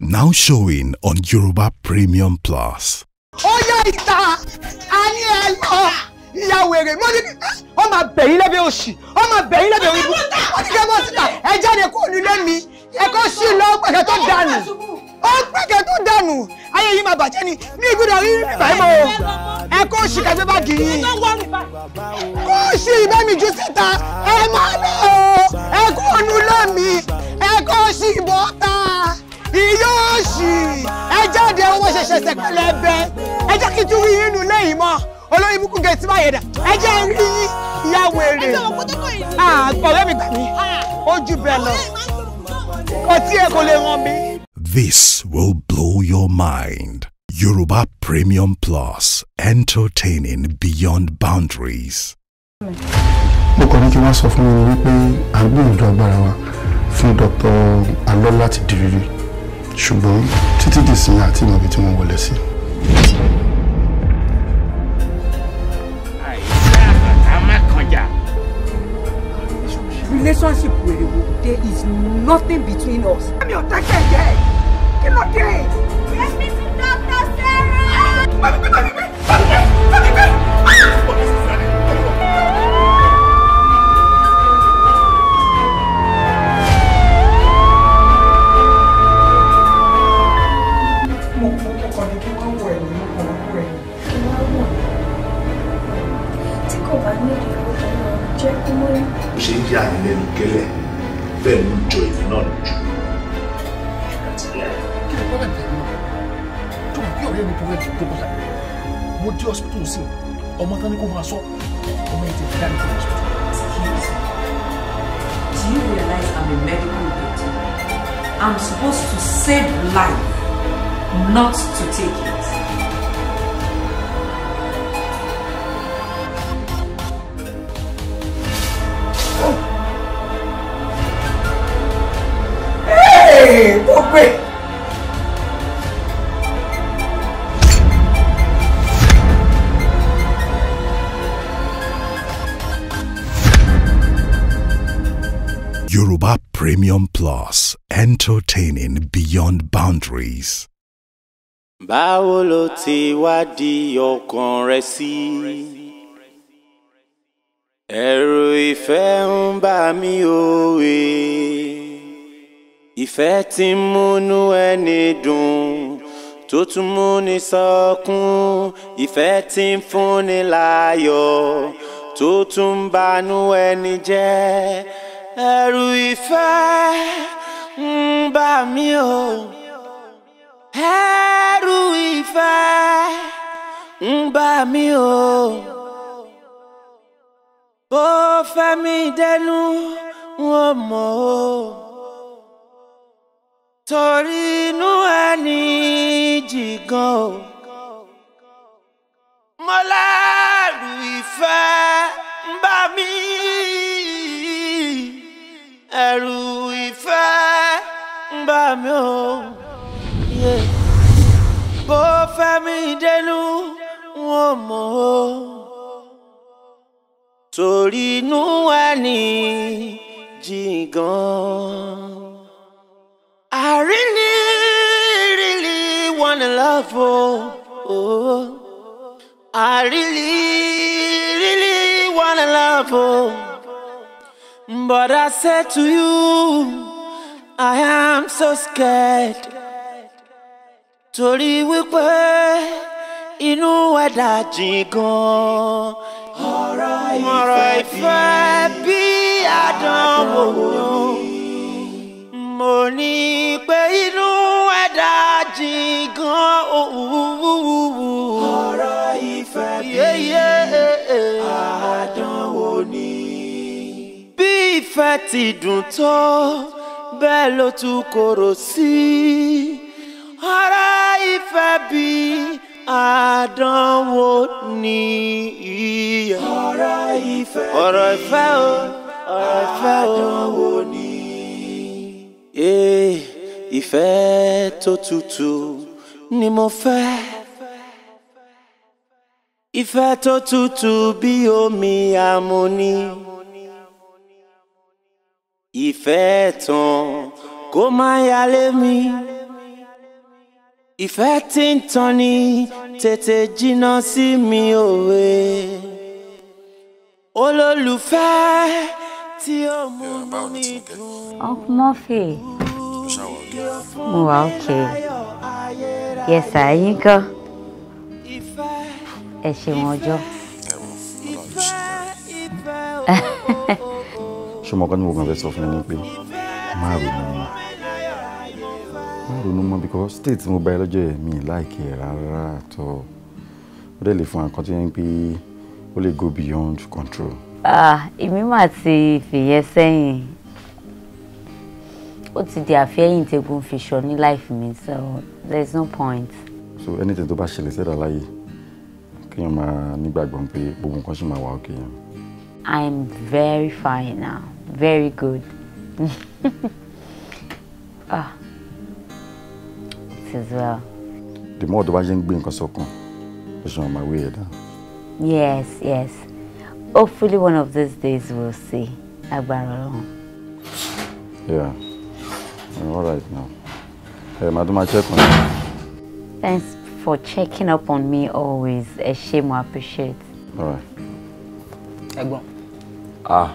Now showing on Yoruba Premium Plus. Ó ìta, a ẹ lọ, ìyá wèrè, mo ní wọ́n máa bẹ̀yìn lẹ́bẹ̀ẹ́ òṣì, wọ́n máa bẹ̀yìn lẹ́bẹ̀ẹ́ òyìnbó, ti dẹ́gbọ́n síta, ẹ jáde kúrò nílé mi, ẹ̀kọ́ sí lọ pẹ̀kẹ́ tó dànù, ó pẹ̀kẹ́ tó dànù, ayé yìí máa bàjẹ́ ni, ní ìgbìdọ̀ rí bàímọ̀ o, ẹ̀kọ́ sí kàgbé bá dì kó sí ìbẹ́mi jù síta, ẹ máa lọ o, ẹ̀kọ́ ònú lọ́mi, ẹ̀kọ́ sí ìbọ̀ ta ìyóòṣì ẹ jáde owó ṣẹṣẹ ṣẹ pẹlẹbẹ ẹ jẹ́ kí n tún rí yín nù lẹ́yìn olórí ibùkún gẹ̀ẹ́tì báyẹn dà ẹ jẹ́ rí yín ìyá wèrè mi gbà mí ojú bẹ́ẹ̀ lọ kò tí ẹ kò lè ràn mí. This will blow your mind. Yoruba Premium Plus, entertaining beyond boundaries. mo kàn ní kí wọ́n sọ fún mi wípé a ń gbìyànjú agbára wa fún Dr. Alola ti di rere ṣùgbọ́n títí di sinmi àti ìmọ̀bi tí wọ́n wọlé sí. relationship wèrè wo there is nothing between us. mi ò dákẹ́ ẹ̀jẹ̀ kí ló dé. let me see doctor sarah. yà mí lẹ́nu bẹ́ẹ̀ ló ń jọ èmi náà lójú. mo dé hospital sí ọmọ tán ni kò máa sọ ọmọ yìí ti fi dáre fún hospital. Do you realize I'm a medical doctor? I'm supposed to save life, not to take it. ó pè. Yoruba Premium Plus, entertaining beyond boundaries. Báwo ló ti wá di ọkàn rẹ sí? Ẹ̀rù ìfẹ́ ń bà mí òwe ìfẹ́ tí ń múnú ẹni dùn tó tún múni sọkún ìfẹ́ tí ń fúnni láyọ̀ tó tún ń banú ẹni jẹ́ ẹ̀rù ìfẹ́ ń bà mí o ẹ̀rù ìfẹ́ ń bà mí o bó fẹ́ mi dẹnu wọ́n mọ̀ o torí inú ẹni jìgàn o mo lẹ́rù ìfẹ́ ń bá mi ẹ̀rù ìfẹ́ ń bá mi o bó fẹ́ mi dénú wọn mọ̀ o torí inú ẹni jìgàn. I really, really wanna love oh, oh. I really, really wanna love oh. But I said to you, I am so scared. Torí wípé inú ẹ̀dá jìn gan. Ọ̀rọ̀ ìfẹ́ bí àdánwò yàn. mo ní pé inú ẹ̀dá jìn gan òwúwúwú. ọ̀rọ̀ ìfẹ́ bí e, e. àdánwò ni. bí ìfẹ́ ti dùn tó bẹ́ẹ̀ ló tún korò sí. ọ̀rọ̀ ìfẹ́ bí àdánwò ni. ọ̀rọ̀ ìfẹ́ bí àdánwò ni. Eh, ìfẹ́ tó tutù ni mo fẹ́. Ìfẹ́ tó tutù bí omi àmúni. Ìfẹ́ tán kó má yálé mi. Ìfẹ́ tí ń tan ni tètè jìnnà sí mi òwe. Olólùfẹ́ tí ó mú mi dùn. Uncle Murphy. Mo wà okay. Yes, sir, yín kọ́. Ẹ ṣeun ọjọ́. Ṣé mo kọ́ ní gbogbo ẹ̀fẹ́ fún mi pé má ronú mọ́? Má ronú mọ́ because state tí mo bá ẹ lọ́jọ́ yẹn mi láìkẹ́ rárá àtọ̀. Ó dẹ̀ lè fún àkọ́tí yẹn pé ó lè go beyond control. Ah, èmi mà ti fìyẹn sẹ́yìn ó ti di àfẹ́yìn tegun fi sọ ní life mi so there's no point. so anything tó bá ṣẹlẹ̀ sẹ́dá láyé kéèyàn máa nígbàgbọ́ pé gbogbo nǹkan ṣì máa wà òkè yẹn. I am very fine now very good. ah it is well. the more tó bá ṣe ń gbé nǹkan sọ́kàn ó ṣe wọn máa wé ẹ̀dá. yes yes. Hopefully one of these days we'll see. Agbára Ọlọ́run. Yeah. I'm all right now. Hey, Madam, I check on you. Thanks for checking up on me always. A shame, mo appreciate. All right. Ẹ̀gbọ́n. Ah,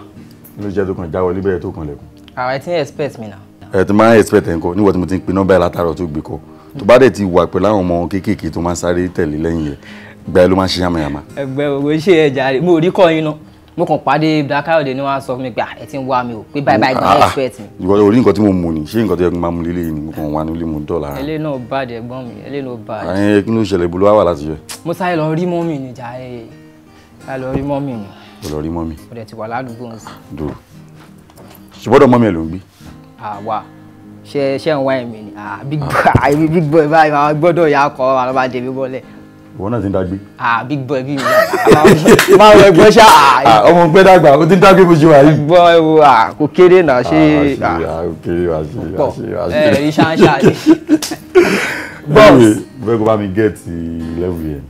ló jẹ́ tó kàn jáwọ́ libere tó kàn lẹ́kùn. Ah, I think expect me now. Ẹ ti máa expect ẹ̀ ń what you think? mo ti ń pinnu báyìí látàárọ̀ tó gbé kọ́. Tó bá dẹ̀ ti wà pẹ̀lú àwọn ọmọ kéékèèké tó máa ń sáré tẹ̀lé lẹ́yìn gbẹ ló máa ń ṣe yamayama. ẹgbẹ́ òwe ṣe ẹ jàre mo rí kọ́ iná mo kàn pàdé dakayode ni wọ́n sọ fún mi pé ah, ẹ ti ń wá mi o pé báyìí báyìí ah, gbọ́n ah, expect mi. ìwọ orí nǹkan tí mo mú ni ṣé nǹkan tó yẹ kí n máa mú lílé yìí ni mo kàn wá nílé mo dọ̀ lára. ẹlẹ́ náà bá dẹ̀ gbọ́n mi ẹlẹ́ náà bá dẹ̀. àyẹn kí ló ń ṣẹlẹ̀ ibo ló wà láti yẹ. mo sáré lọ rí mọ́mì ni jà ẹ ẹ lọ rí mọ́mì ni. o lọ rí mọ́mì. o dẹ̀ ti wà ládùúgbò ń sìn. dùrù ṣùgbọ́dọ̀ mọ́mì ẹ̀ ló ń gbé. boy ìwọ náà ti ń dágbé. ah big boy bí mi máa wọ ẹgbẹ́ ṣá. ọmọ pẹ́ dàgbà ó ti ń dágbé bójú wa yìí. gbọ́ ewu kò kéré náà ṣe. kò kéré wá sí i wá sí i wá sí i. ẹ ẹ iṣan ṣáà ni. bọ́ọ̀sì bẹ́ẹ̀ kó bá mi gẹ̀ẹ́tì lẹ́wù yẹn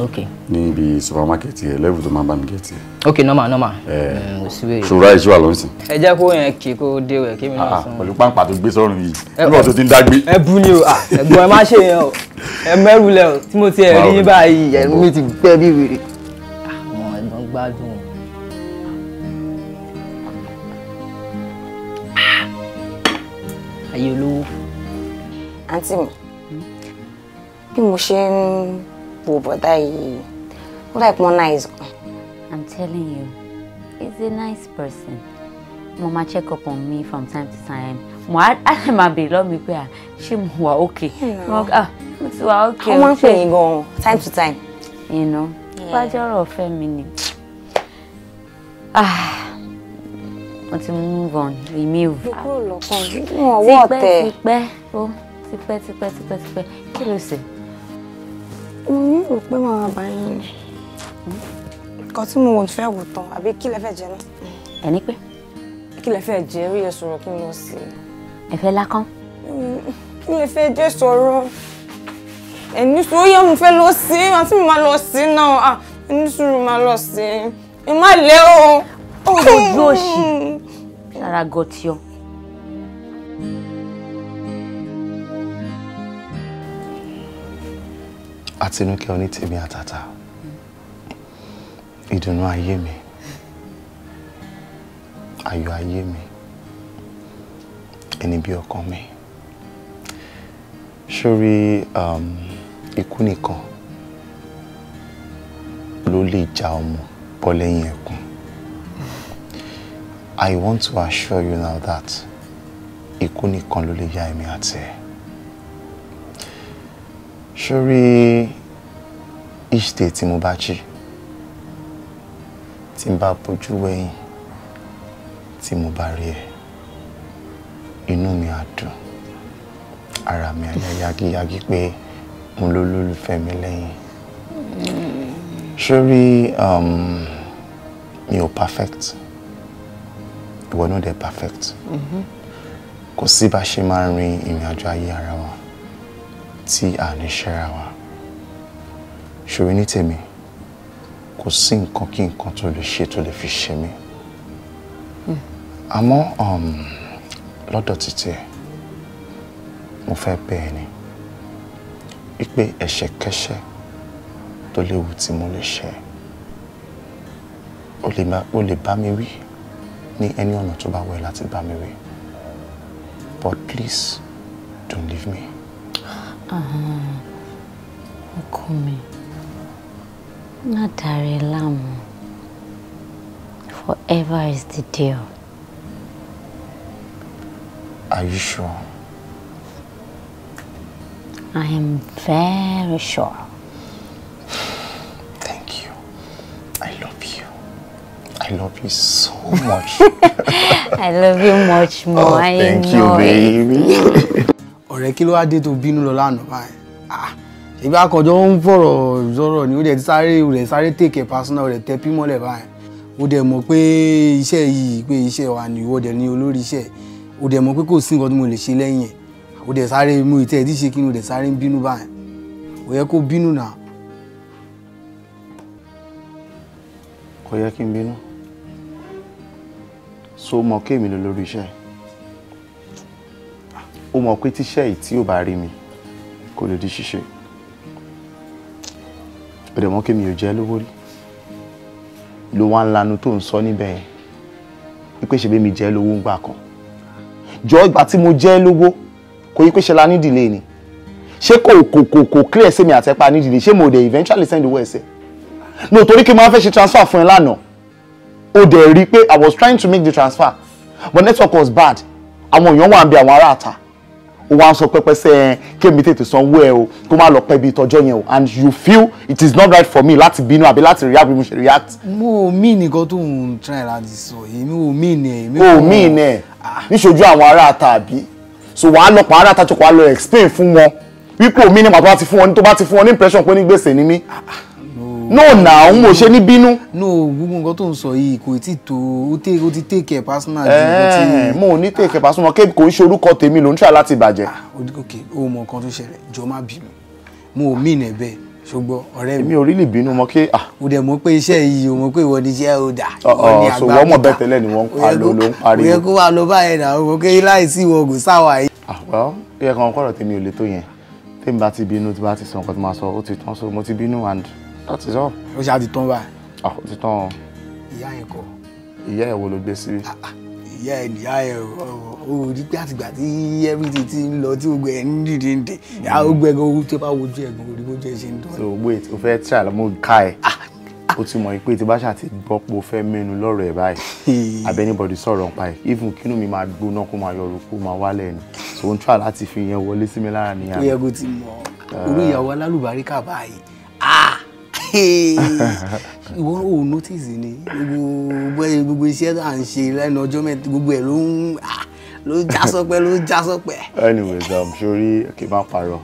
okay níbi supermarket yẹ level tó máa bá mi get okay normal normal. ẹ ṣòro àìṣe wà lọ́sìn. ẹ jẹ́ kó yẹn kí kó dé wẹ̀ kí mi náà ah, sùn. pẹ̀lú páńpà tó gbé sọ́run yìí eh, nígbà tó ti ń dágbé. ẹ bú ni o ah, ẹ̀gbọ́n ẹ má ṣe yẹn o ẹ mẹ́rù lẹ o tí mo ti ẹ̀ rí báyìí ẹ̀rù mi ti gbẹ́ bí wèrè. Ah, àwọn ẹ̀gbọ́n gbádùn. ayé olówó. àǹtí mi bí mo ṣe ń ipò bọ̀dá yìí ó láì pọn nice I'm telling you he's a nice person Mama check up on me from time to time mo á ṣe máa bèrè lọ́mi pé à ah, ṣé mo wà okay hmm. ah, mo ti wà okay. wọ́n máa ń pè time to time. you know Yeah. bájọ́ ọ̀rọ̀ ọ̀fẹ́ mi Ah, want to move on remove. dúró lọ́kàn wọn ah, wọ́ọ̀tẹ̀. tipẹ́ oh, tipẹ́ tipẹ́ tipẹ́ tipẹ́ kí ló ṣe mo nírò pé màmá bá yín ni nǹkan tí mo wọ̀n fẹ́ wò tán àbí kí lẹ fẹ́ jẹ náà. ẹ ní pé. kí lẹ fẹ́ jẹ rí ẹ sọ̀rọ̀ kí n lọ sí i. ẹ fẹ́ lákàn. kí lẹ fẹ́ jẹ sọ̀rọ̀ ẹ ní sùúrù yẹn mo fẹ́ lọ sí i àti mo máa lọ sí i náà ẹ ní sùúrù máa lọ sí i ẹ má lẹ́ o. ó lójú òṣì ṣàràgọ̀ tí o. Àtinúkẹ́ onítèmi àtàtà ìdùnnú ayé mi ayọ̀ ayé mi ẹni bí ọkàn mi sórí um, ikú nìkan ló lè já ọmọ bọ́ lẹ́yìn ẹ̀kún I want to assure you now that ikú nìkan ló lè yá ẹ̀mí àti ẹ̀ sórí each day tí mo bá jí tí n bá bójú wẹ̀yìn tí mo bá rí ẹ inú mi á dùn ara mi á yá pé mo ló lólùfẹ́ mi lẹ́yìn sórí um, mi ò perfect ìwọ náà dẹ̀ perfect mm-hmm. kò sí bá ṣe máa rin ìrìn àjò ayé ara wa tí a ní ṣẹ́ra wa ṣòro ní tèmi kò sí nǹkan kí nǹkan tó lè ṣe tó lè fi ṣe mí hmm. àmọ́ um, lọ́dọ̀ títí ẹ̀ mo fẹ́ bẹ̀ ẹ́ ni wípé ẹ̀ṣẹ̀kẹ́ṣẹ̀ tó léwu tí mo lè ṣe o lè bá mi wí ní ẹni ọ̀nà tó bá wẹ̀ láti bá mi wí but please don't leave me ọkọ mi má dàrẹ láàmú forever is the deal. Are you sure? I am very sure. Thank you. I love you. I love you so much. I love you much more. Oh, thank you, baby. ọ̀rẹ́ kí ló wá dé tó bínú lọ lánàá báyìí ṣèbí ah, akànjọ ń fọ̀rọ̀ sọ̀rọ̀ ni ó dẹ̀ sáré rẹ̀ sáré tèkè personal rẹ̀ tẹ́ pímọ́lẹ̀ báyìí ó dẹ̀ mọ̀ pé iṣẹ́ yìí pé iṣẹ́ wa ni ìwọ dẹ̀ ní olórí iṣẹ́ ó dẹ̀ mọ̀ pé kò sí nǹkan tí mo lè ṣe lẹ́yìn ẹ̀ ó dẹ̀ sáré mú ìtẹ́ ẹ̀ tí ṣe kí ni ó dẹ̀ sáré ń bínú báyìí ó yẹ kó bínú náà. kò yẹ kí n bínú so mọ kéèmí lórí iṣẹ́ yìí ó mọ̀ pé tíṣẹ́ yìí tí ò bá rí mi kò lè di ṣíṣe ọ̀dẹ̀ mọ́ kí mi ò jẹ́ lówó rí ló wá ń lanu tó ń sọ níbẹ̀ yẹn wípé ṣe bí mi jẹ́ lówó ń gbà kan jọ ìgbà tí mo jẹ́ lówó kò yí pé ṣe la nídìílé ni ṣé kò kò kò kò clear sí mi àtẹ́pá nídìílé ṣé mo dẹ̀ eventually send owó ẹsẹ̀ no torí kí n máa fẹ́ ṣe transfer fún ẹ lánàá o dẹ̀ rí i pé I was trying to make the transfer but network was bad àwọn èèyàn wà ń bẹ àwọn ará àta ó wá ń sọ pẹ́pẹ́sẹ́ kémi tètè sanwó ẹ o kó má lọ pẹ́ bí ìtọ́jọ́ yẹn o and you feel it is not right for me láti bínú àbí láti react bí mo ṣe react. mo ò mí nìkan tó ń try láti sọ èmi ò mí nẹ. o ò mí nẹ ah. níṣojú àwọn ará ta so wàá lọ pa ará ta jọ kó wàá lọ explain fún wọn wípé òmí ni màá tó bá ti fún wọn ní impression pé ní gbèsè ni mí. Ah, ah no na òun mo ṣe ní bínú. no gbogbo nǹkan tó ń sọ yìí kò tí tó o tẹ o ti take care personal. ẹẹ eh, mo ò ní take care personal kébì kò ń ṣe orúkọ tèmi ló ń ṣe láti bàjẹ́. Ah, ok o mọ nǹkan tó ṣẹlẹ̀ jọ má bínú mo ò mí ìnà ẹ̀bẹ̀ ṣùgbọ́n ọ̀rẹ́ mi. èmi ò rí lè bínú mọ kí. Ah. o dẹ̀ mọ̀ pé iṣẹ́ yìí o mọ̀ pé ìwọ ni iṣẹ́ o dà. ọ̀ so wọ́n mọ̀ bẹ́ẹ̀ tẹ́lẹ̀ ni wọ́n ń pariwo ló ń pariwo. òye kó wà lọ báyẹn náà o mọ̀ pé láìsí ìwọ ògùn sáwà yìí. àwọn ah, ẹ̀kan kọ̀rọ̀ tèmi ò lè tó yẹn tèmi bá ti bínú tí bá ti sọ nǹkan tó máa sọ ó ti tán so mo ti bínú and that is all. ó ṣáà ti tán báyìí. ah ó ti tán o. ìyá yẹn kọ. ìyá ẹ̀ wo ló gbé síbí. Ah, ah, ìyá ẹ̀ ìyá ẹ̀ o rí pé àtìgbà tí everything ti ń lọ tí gbogbo ẹ̀ ń dìde ń dè ìyá mm. gbogbo ẹ̀gbọ́n owó tó bá wojú ẹ̀gbọ́n orí bó jẹ́ ṣe ń dán. so wait o fẹ́ tí àlọ́ mo ká ẹ̀ ah, o ti mọ̀ pé tí bá ṣáà ti gbọ́ pé o fẹ́ mẹ́nu lọ́rọ̀ ẹ̀ báyìí àbẹ́ anybody sọ̀rọ̀ pa ẹ̀ even kínú mi máa gbóná kó máa yọrù kó máa wálẹ̀ ni so n tra láti fi yẹn wọlé sí mi lára nìyàwó. ó yẹ kó ti mọ orí ìyàwó alálùbáríkà báyìí ìwọ ò notice ni gbogbo iṣẹ́ à ń ṣe lẹ́nu ọjọ́ mẹ́ta gbogbo ẹ̀ ló ń ló já sọpẹ́ ló já sọpẹ́. anyways um, sori kì í má parọ́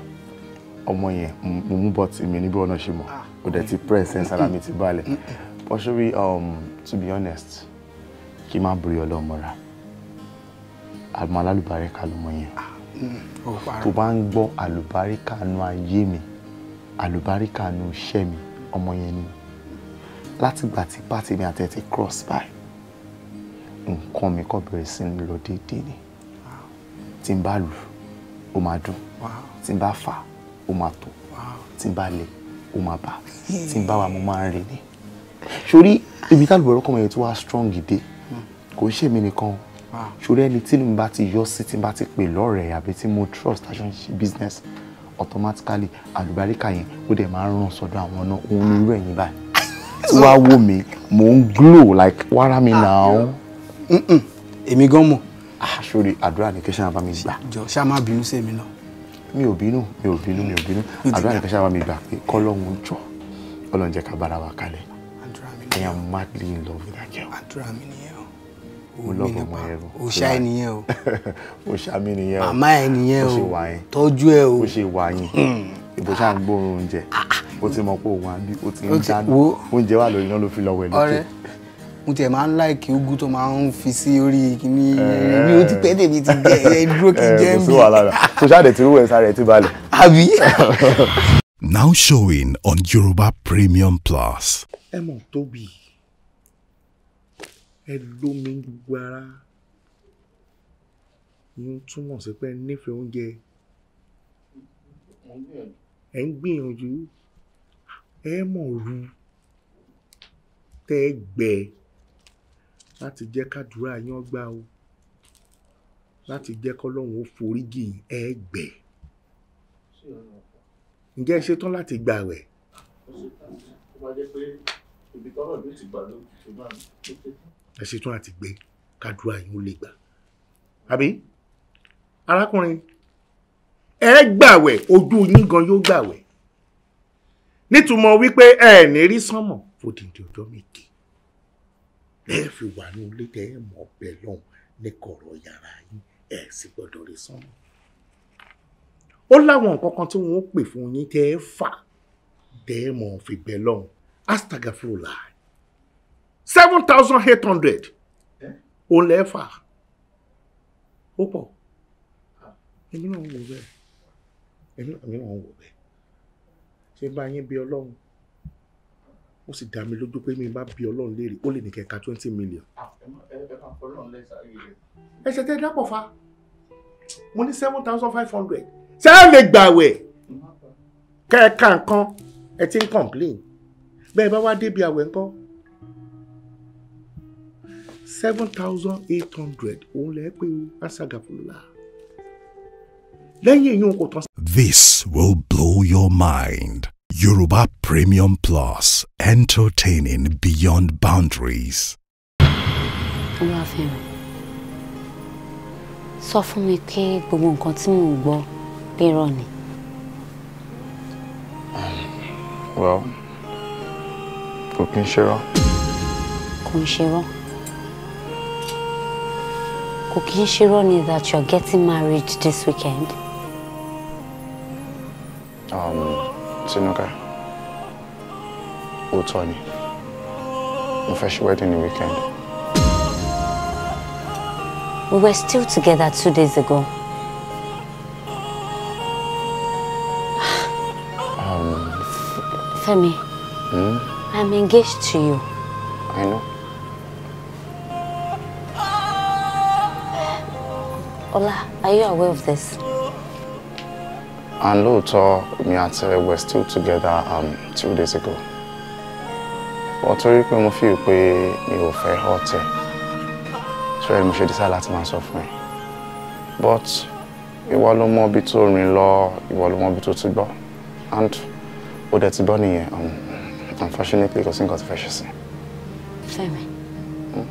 ọmọ yẹn mo mú bọ́ tì mí níbi ọ̀nà ṣe mọ̀ ah. kò dẹ̀ ti press ẹ̀ sára mi ti balẹ̀ but sori um, to be honest kì í má bèrè ọlọ́mọ ra àmọ́ alálùbáríkà lọmọ yẹn ah, mm, tó bá ń gbọ́ àlùbáríkà nu ayé mi àlùbáríkà nu iṣẹ́ mi ọmọ yẹn ni látìgbà tí pàtì mi àti ẹ ti cross by nǹkan mi kọ́ bẹ̀rẹ̀ sí ní lọ déédéé ni tí n bá lù ó máa dùn tí n bá fà ó máa tó tí n bá lè ó máa bà tí n bá wà mo máa rìn ni sórí ibi tálùbọ̀ ọ̀rọ̀ kọ́mọ yẹn tí wàá strong dé hmm. kò ń ṣèmi nìkan sórí ẹni tí mo bá ti yọ sí tí n bá ti pè lọ́rẹ̀ẹ́ àbí tí mo trust àjọ ń business automatically àlùbáríkà yẹn ó dẹ̀ máa ń ràn sọ́dọ̀ àwọn náà òun ní irú ẹ̀yìn báyìí tí wàá wò mí ń glow like wàrà mi nà án. èmi gan mọ̀. Ah, sori àdúrà ni kẹsàn-án bá mi gbà. jọ ṣá má bínú sí èmi náà. mi ò bínú mi ò bínú mi ò bínú àdúrà ni kẹsàn-án bá mi gbà pé kọ́lọ́hún jọ ọlọ́run jẹ́ ká bára wa kalẹ̀ I am madly in love with that girl. àdúrà mi nìyẹn mo lọ bọ̀ ṣá ẹ o. o ṣá mi nìyẹn o. màmá ẹ o. tọ́jú ẹ o. o ṣe wà yín. Hmm. ìbò ṣáà ń gbóòórùn oúnjẹ. o ah, ah. ti mọ pé òun àbí o ti ń dáná. oúnjẹ wà lórí náà ló fi lọ wẹ̀ lókè. mo tiẹ̀ máa ń láìkí ugu tó máa ń fi sí orí kìíní eh. mi ò ti pẹ́ débi ti jẹ dúró kí n eh, jẹ́ mi. kò sí wàhálà rẹ̀ kò ṣáà ti balẹ̀. àbí. now showing on Yoruba Premium Plus. ẹ mọ̀ tóbi ẹ lómi gbogbo ara ìyẹn túmọ̀ sí pé nífẹ̀ẹ́ oúnjẹ ẹ ń gbìyànjú ẹ mọ̀ ru tẹ́ ẹ gbẹ láti jẹ́ kádùúrà yín gbà o láti jẹ́ kọ́lọ́run ó foríjì ẹ gbẹ ǹjẹ́ ẹ ṣetán láti gbààwẹ̀. ó bá jẹ́ pé ibi tọ́rọ̀ ló ti gbà ló ti máa ń tó ẹ ṣetán àti gbé kádùá yín ó lè gbà àbí arákùnrin ẹ gbàwẹ̀ ojú yín gan yóò gbàwẹ̀ nítumọ̀ wípé ẹ ní rí sánmọ̀ fòdìdì ọjọ́ méje ẹ fi wà ní ilé tẹ ẹ mọ̀ ọbẹ̀ lọ́hùn ní kọ̀rọ̀ yàrá yín ẹ sì gbọ́dọ̀ rí sánmọ̀ ó láwọn nǹkan kan tí wọ́n pè fún yín tẹ́ ẹ fà tẹ́ ẹ mọ̀ fi bẹ̀ lọ́hùn astagafurulai seven thousand eight hundred òun eh? lẹ́ fà ó pọ̀ èmi náà ń wò bẹ́ẹ̀ èmi náà ń wò bẹ́ẹ̀ ṣé bá yín bí ọlọ́run ó sì dá mi lójú pé mi bá bí ọlọ́run léèrè ó lè ní kẹ̀ka twenty million. Ah, ẹsẹ̀ tẹ́ dápọ̀ fa mo ní seven thousand five hundred ṣé ẹ lè gbàwẹ̀ kẹ́ẹ̀ka nǹkan ẹ ti ń seven thousand eight hundred òun lẹ́ pé o asagafulula. lẹ́yìn èyí n tán. This will blow your mind. Yoruba Premium Plus, entertaining beyond boundaries. Olúwàfẹ́mi, sọ fún mi pé gbogbo nǹkan tí mò ń gbọ́ pérọ̀ ni. Well, kò kí n ṣe rán. Kò ń ṣe kò kí that you're getting married this weekend. Um, Tinuka, òótọ́ ni, mo fẹ́ ṣe wedding weekend. We were still together two days ago. Um, Femi, hmm? I'm engaged to you. I know. Ola, are you aware of this? And lóòótọ́, mi àti ẹ were still together um, two days ago. But torí pé mo feel pé mi ò fẹ́ hurt So I'm mo to decide that máa sọ fún ẹ. But ìwọ ló mọ ibi tó rìn lọ, ìwọ ló mọ ibi tó ti gbọ́. And ó dẹ̀ ti gbọ́ nìyẹn. Um, unfortunately, kò sí nǹkan tí fẹ́ ṣe sí. Fẹ́mi, hmm?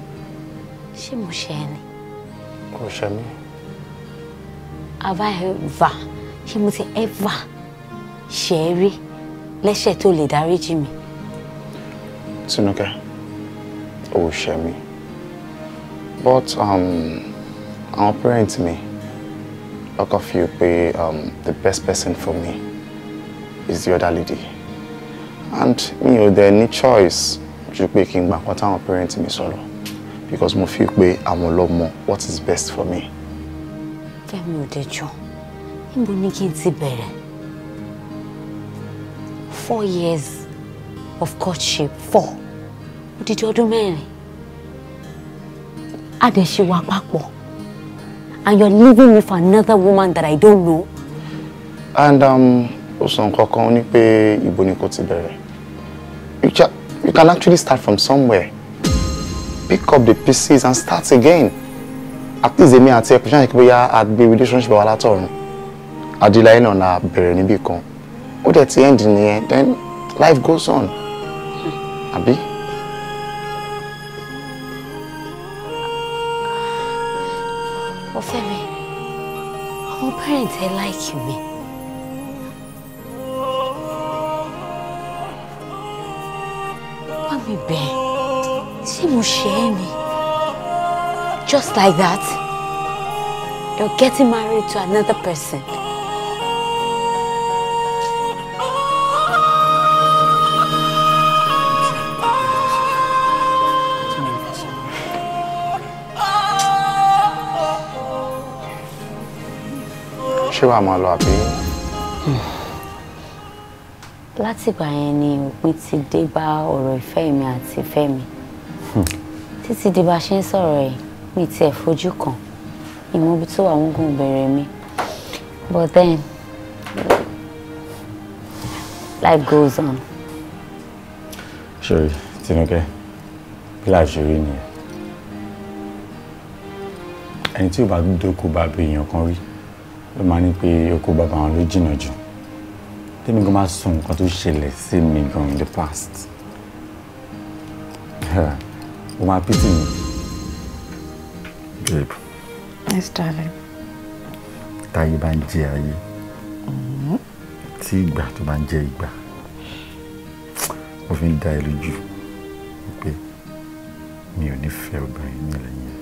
ṣé mo ṣe ẹ ni? Kò ṣe mí have I ever ṣé mo ti ever ṣe é rí lẹ́ṣẹ̀ tó lè dáríjì mi. Tinúkẹ́ ò ṣe mí but um, àwọn um, parents mi ọkọ fi pé um, the best person for me is the other lady and mi ò dẹ̀ ní choice ju pé kí n gbà nǹkan táwọn parents mi sọ lọ because mo fi pé àwọn ló what is best for me. Fẹ́mi Ọdẹjọ́ níbo ni kí n ti bẹ̀rẹ̀ four years of courtship four odidi ọdún mẹ́rin a dẹ̀ ṣe wà papọ̀ and you're leaving me for another woman that I don't know. and um, ó sọ nǹkan kan ní pé ibo ni kò ti bẹ̀rẹ̀ you can actually start from somewhere pick up the pieces and start again at least èmi àti ẹkùn ṣáà ní bóyá a gbé relationship wa látọ̀run adélayé náà la bẹ̀rẹ̀ níbì kan ó dẹ̀ ti end nìyẹn then life goes on àbí. ọ̀fẹ́ mi àwọn parents ẹ̀ like mi. wá mi bẹ́ẹ̀ ṣé mo ṣe é ni. Just like that, you're getting married to another person. ṣé wàá máa lọ àbí. látìgbà yẹn ni òpin ti dé bá ọ̀rọ̀ ìfẹ́ mi àti ìfẹ́ mi hmm. títí di bá a ṣe ń sọ̀rọ̀ yìí mi tiẹ̀ fojú kan ìmọ̀bi tó wà ń gùn bẹ̀rẹ̀ mi but then life goes on. ṣòrí tinúkẹ́ bí láì ṣe rí nìyẹn ẹni tí ò bá dókò bá bí èèyàn kan rí ló máa ní pé oko bàbá wọn ló jìnnà jù tèmi gan máa sọ nǹkan tó ṣẹlẹ̀ sí mi gan in the past ó máa pítì mi sleep. Yes, darling. Táyé bá ń jẹ ayé. Mm-hmm. Tí ìgbà tó bá ń jẹ ìgbà. Mo fi ń dá ẹ lójú pé mi ò ní fẹ́ obìnrin ní ilẹ̀ yẹn.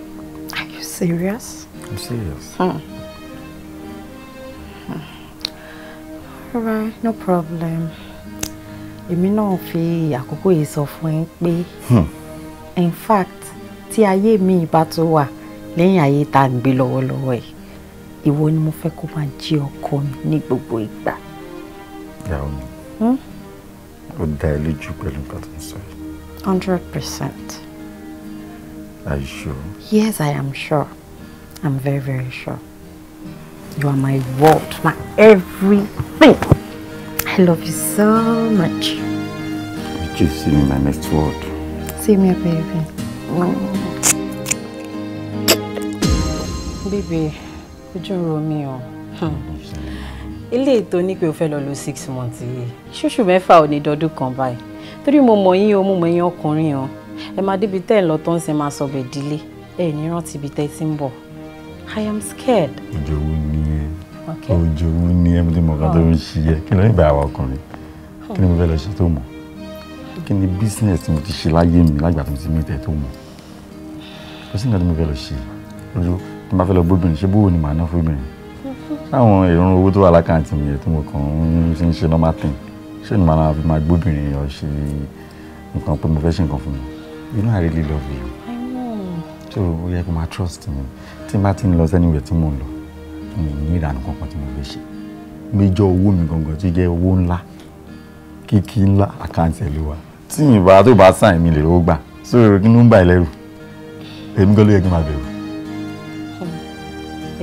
Are you serious? I'm serious. Hmm. hmm. right, no problem. Èmi náà fi àkókò yìí sọ fún yín pé hmm. in fact tí ayé mi ìbá tó wà. lẹ́yìn ayé tá a gbé lọ́wọ́lọ́wọ́ yìí ìwọ ni mo fẹ́ kó máa jí ọkọ mi ní gbogbo ìgbà. ìyàwó mi hmm? ó dá ẹ lójú pẹ̀lú nǹkan tó ń sọ yìí. hundred percent. are you sure? yes i am sure i'm very very sure you are my world my everything i love you so much. you just see me my next word. see me baby. Mm. bíbí ojú ń ro mi o hmm. ilé ètò ní pé o fẹ́ lọ lo six months yìí ṣóṣù mẹ́fà ò ní dọdún kan báyìí torí mo mọ̀ yín o mo mọ̀ yín ọkùnrin o ẹ máa débi tẹ́ ẹ̀ lọ tó ń sin máa sọ bẹ́ẹ̀ dílé ẹ ní rántí ibi tẹ́ ẹ ti ń bọ̀ I am scared. òjòwú ni ẹ òjòwú ni ẹ bí mo kàn tó ń ṣe yẹ kí ló ń gba àwa ọkùnrin kí ni mo fẹ́ lọ ṣe tó mọ̀ hmm. kí ni business mo ti ṣe láyé mi lágbàtà ti mí tẹ̀ tó mọ̀ kò sí nǹkan tí mo fẹ́ lọ ṣe lójú tí n lọ bóbìnrin ṣé bówó màá ná fóbìnrin sáwọn èrò owó tó wà lákàntì yẹn tí mo kàn ń ṣe ń ṣe normal thing ṣé ni màá fi máa gbóbìnrin yẹn ṣe nǹkan pé mo fẹ́ ṣe nǹkan fún mi you know I really love you I know so ó yẹ kó máa trust me tí n bá ti ń lọ sẹ́niwẹ̀ tí mò ń lọ mi ní ìdànù kankan tí mo fẹ́ ṣe méjọ owó mi gangan tí jẹ́ owó ńlá kíkí ńlá àkáǹtì ẹ̀ ló wà tí ìbá tó bá sàn mí lè rówó gbà so inú ń bà ẹ́ lẹ́rù èmi gan ló yẹ kí n máa bẹ̀rù